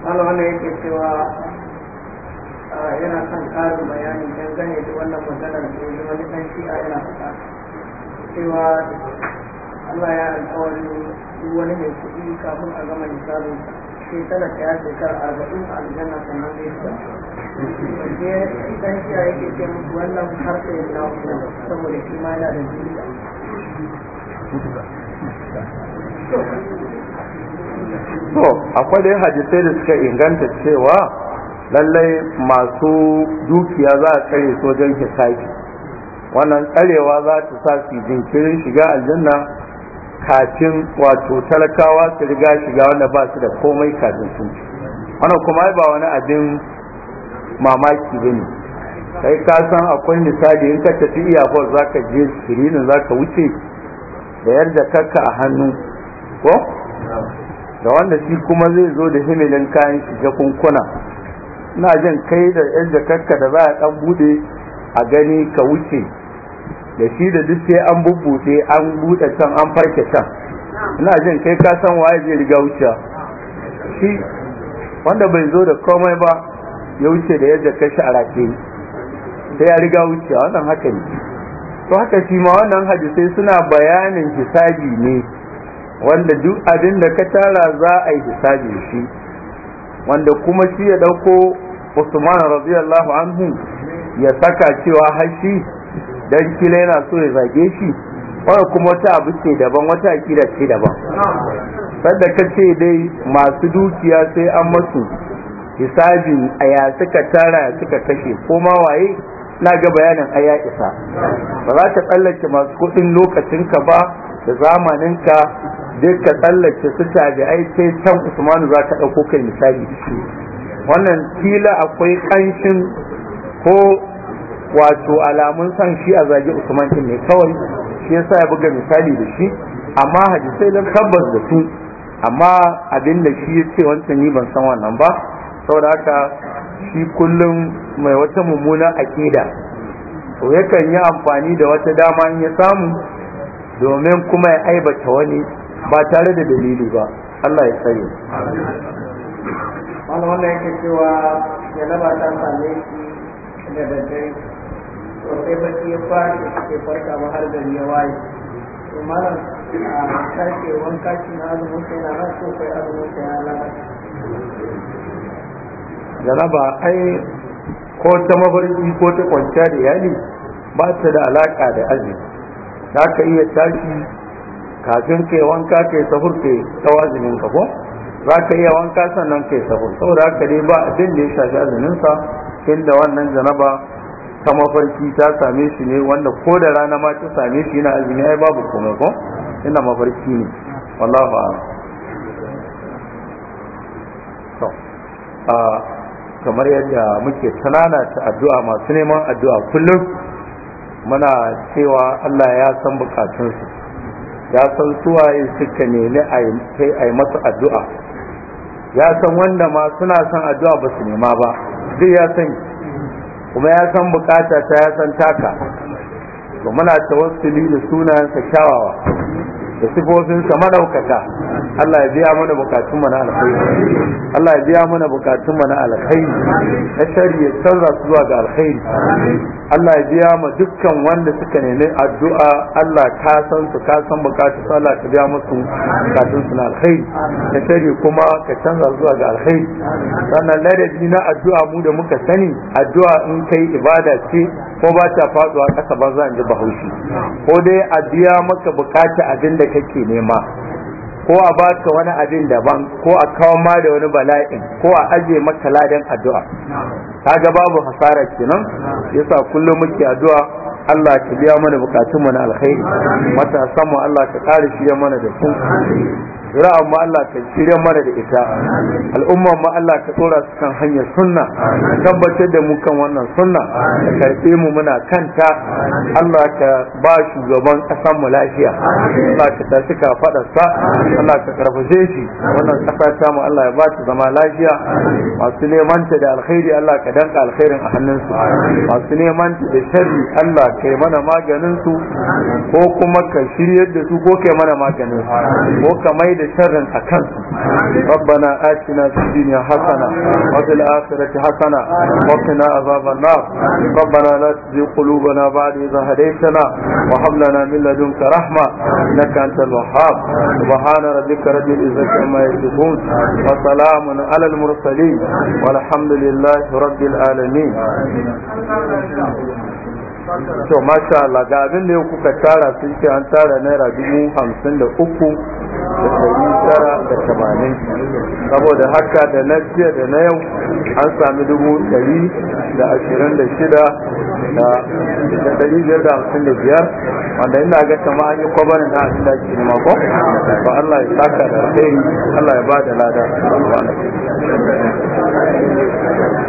Allah ne yake cewa yana son ƙarin bayani dangane da wannan maganar da ya wani ɗan shi'a yana faɗa cewa Allah ya alƙawarin duk wani mai kuɗi kafin a gama nisabin. sai talaka ya shekara arba'in a aljanna sannan zai shiga sai ɗan shi shi'a yake ce musu wannan harfe ya na saboda shi ma yana da jirga to akwai dai hadisai da suka inganta cewa lallai masu dukiya za a tsare sojan hisabi wannan tsarewa za ta sa su jinkirin shiga aljanna kafin wato talakawa su riga shiga wanda ba su da komai kafin sun ci wannan kuma ba wani abin mamaki ba ne kai ka san akwai misali in ka tafi iyakar za ka je shirinin za ka wuce da yadda kakka a hannu ko da wanda shi kuma zai zo da himilin kayan shiga kunkuna na jin kai da yan jakarka da za a dan bude a gani ka wuce da shi da duk sai an bubbuɗe an bude can an farke can ina jin kai ka san waye zai riga wuce shi wanda bai zo da komai ba ya wuce da yadda ka shi a rafe sai ya riga wuce wannan haka ne to haka shi ma wannan hadisai suna bayanin hisabi ne wanda duk abin da ka tara za a yi hisabi shi wanda kuma shi ya dauko Usman radiyallahu anhu ya saka cewa haishi dan kila yana so ya zage shi wanda kuma wata abu ce daban wata akida ce daban sadda ka ce dai masu dukiya sai an masu hisabi a ya suka tara ya suka kashe ko ma waye na ga bayanin aya isa ba za ka tsallake masu kuɗin lokacinka ba da zamaninka duk ka tsallake su ai sai can usmanu za ka ɗauko kai misali wannan kila akwai kanshin ko wato alamun san shi a zage usman ne kawai shi yasa ya buga misali da shi amma hadisai dan tabbas da su amma abin da shi yace wancan ni ban san wannan ba saboda haka shi kullum mai wata mummunan aƙida to yakan yi amfani da wata dama in ya samu domin kuma ya aibata wani ba tare da dalili ba Allah ya tsare wanda wannan yake cewa jalaba ta same shi da daddare to sai baki ya da ke farka ba har gari ya waye to malam a sake wanka shi na azumin sai na rasu ko kai azumin sai na lalace jalaba ai ko ta mafarki ko ta kwanciya da iyali ba ta da alaka da azumi za ka iya tashi kafin kai wanka kai sahur kai tawazimin ka ko za ka iya wanka sannan kai sahur saboda haka dai ba abin da ya shafi azuminsa inda wannan janaba ta mafarki ta same shi ne wanda ko da rana ma ta same shi na azumi ai babu komai ko ina mafarki ne wallahu a'lam a kamar yadda muke tanana ta addu'a masu neman addu'a kullum muna cewa Allah ya san bukatunsu ya san suwaye suka nemi a yi masa addu'a ya san wanda ma suna son addu'a ba su nema ba duk ya san kuma ya san bukata ta ya san taka to muna tawassuli da sunayensa kyawawa da sifofinsa madaukaka Allah ya biya mana bukatun mana alkhairi Allah ya biya mana bukatun mana alkhairi na shari ya sarra zuwa ga alkhairi Allah ya biya ma dukkan wanda suka nemi addu'a Allah ka san su ka san bukatun su Allah ka biya musu bukatun su na alkhairi na shari kuma ka canza zuwa ga alkhairi sannan ladabi na addu'a mu da muka sani addu'a in kai ibada ce ko ba ta faduwa kasa ba za a ji bahaushe ko dai a biya maka bukata abin da kake nema ko a baka wani abin daban ko a kawo ma da wani bala'in ko a aje maka ladan addu'a kaga babu hasara kenan yasa kullum muke addu'a Allah ya biya mana bukatun mu na alkhairi mata samu Allah ta kare shi mana da su zura'an ma Allah ka shirya mana da ita al'umma mu Allah ka tsora su kan hanyar sunna tabbatar da mu kan wannan sunna ka karɓe mu muna kanta Allah ka ba shugaban ƙasar mu lafiya Allah ka tashi ka sa. Allah ka karfashe shi wannan kasa ta mu Allah ya ba zama lafiya masu neman ta da alkhairi Allah ka danka alkhairin a hannunsu masu neman ta da sharri Allah kai mana maganin su ko kuma ka shiryar da su ko kai mana maganin su ko ka mai da sharrin a kansu rabbana atina fid dunya hasana wa fil akhirati hasana wa qina azaban nar rabbana la tuzigh qulubana ba'da idh hadaytana wa hab lana min ladunka rahma innaka antal wahhab subhana rabbika rabbil izzati amma yasifun wa salamun ala al mursalin والحمد لله رب to masha Allah ga abin da kuka tara sun ce an tara naira dubu hamsin da uku da ɗari tara da tamanin saboda haka da na jiya da na yau an sami dubu ɗari da ashirin da shida da ɗari biyar da hamsin da biyar wanda ina ga kama an yi kwabar da abin da ake mako ba Allah ya saka da alheri Allah ya ba da lada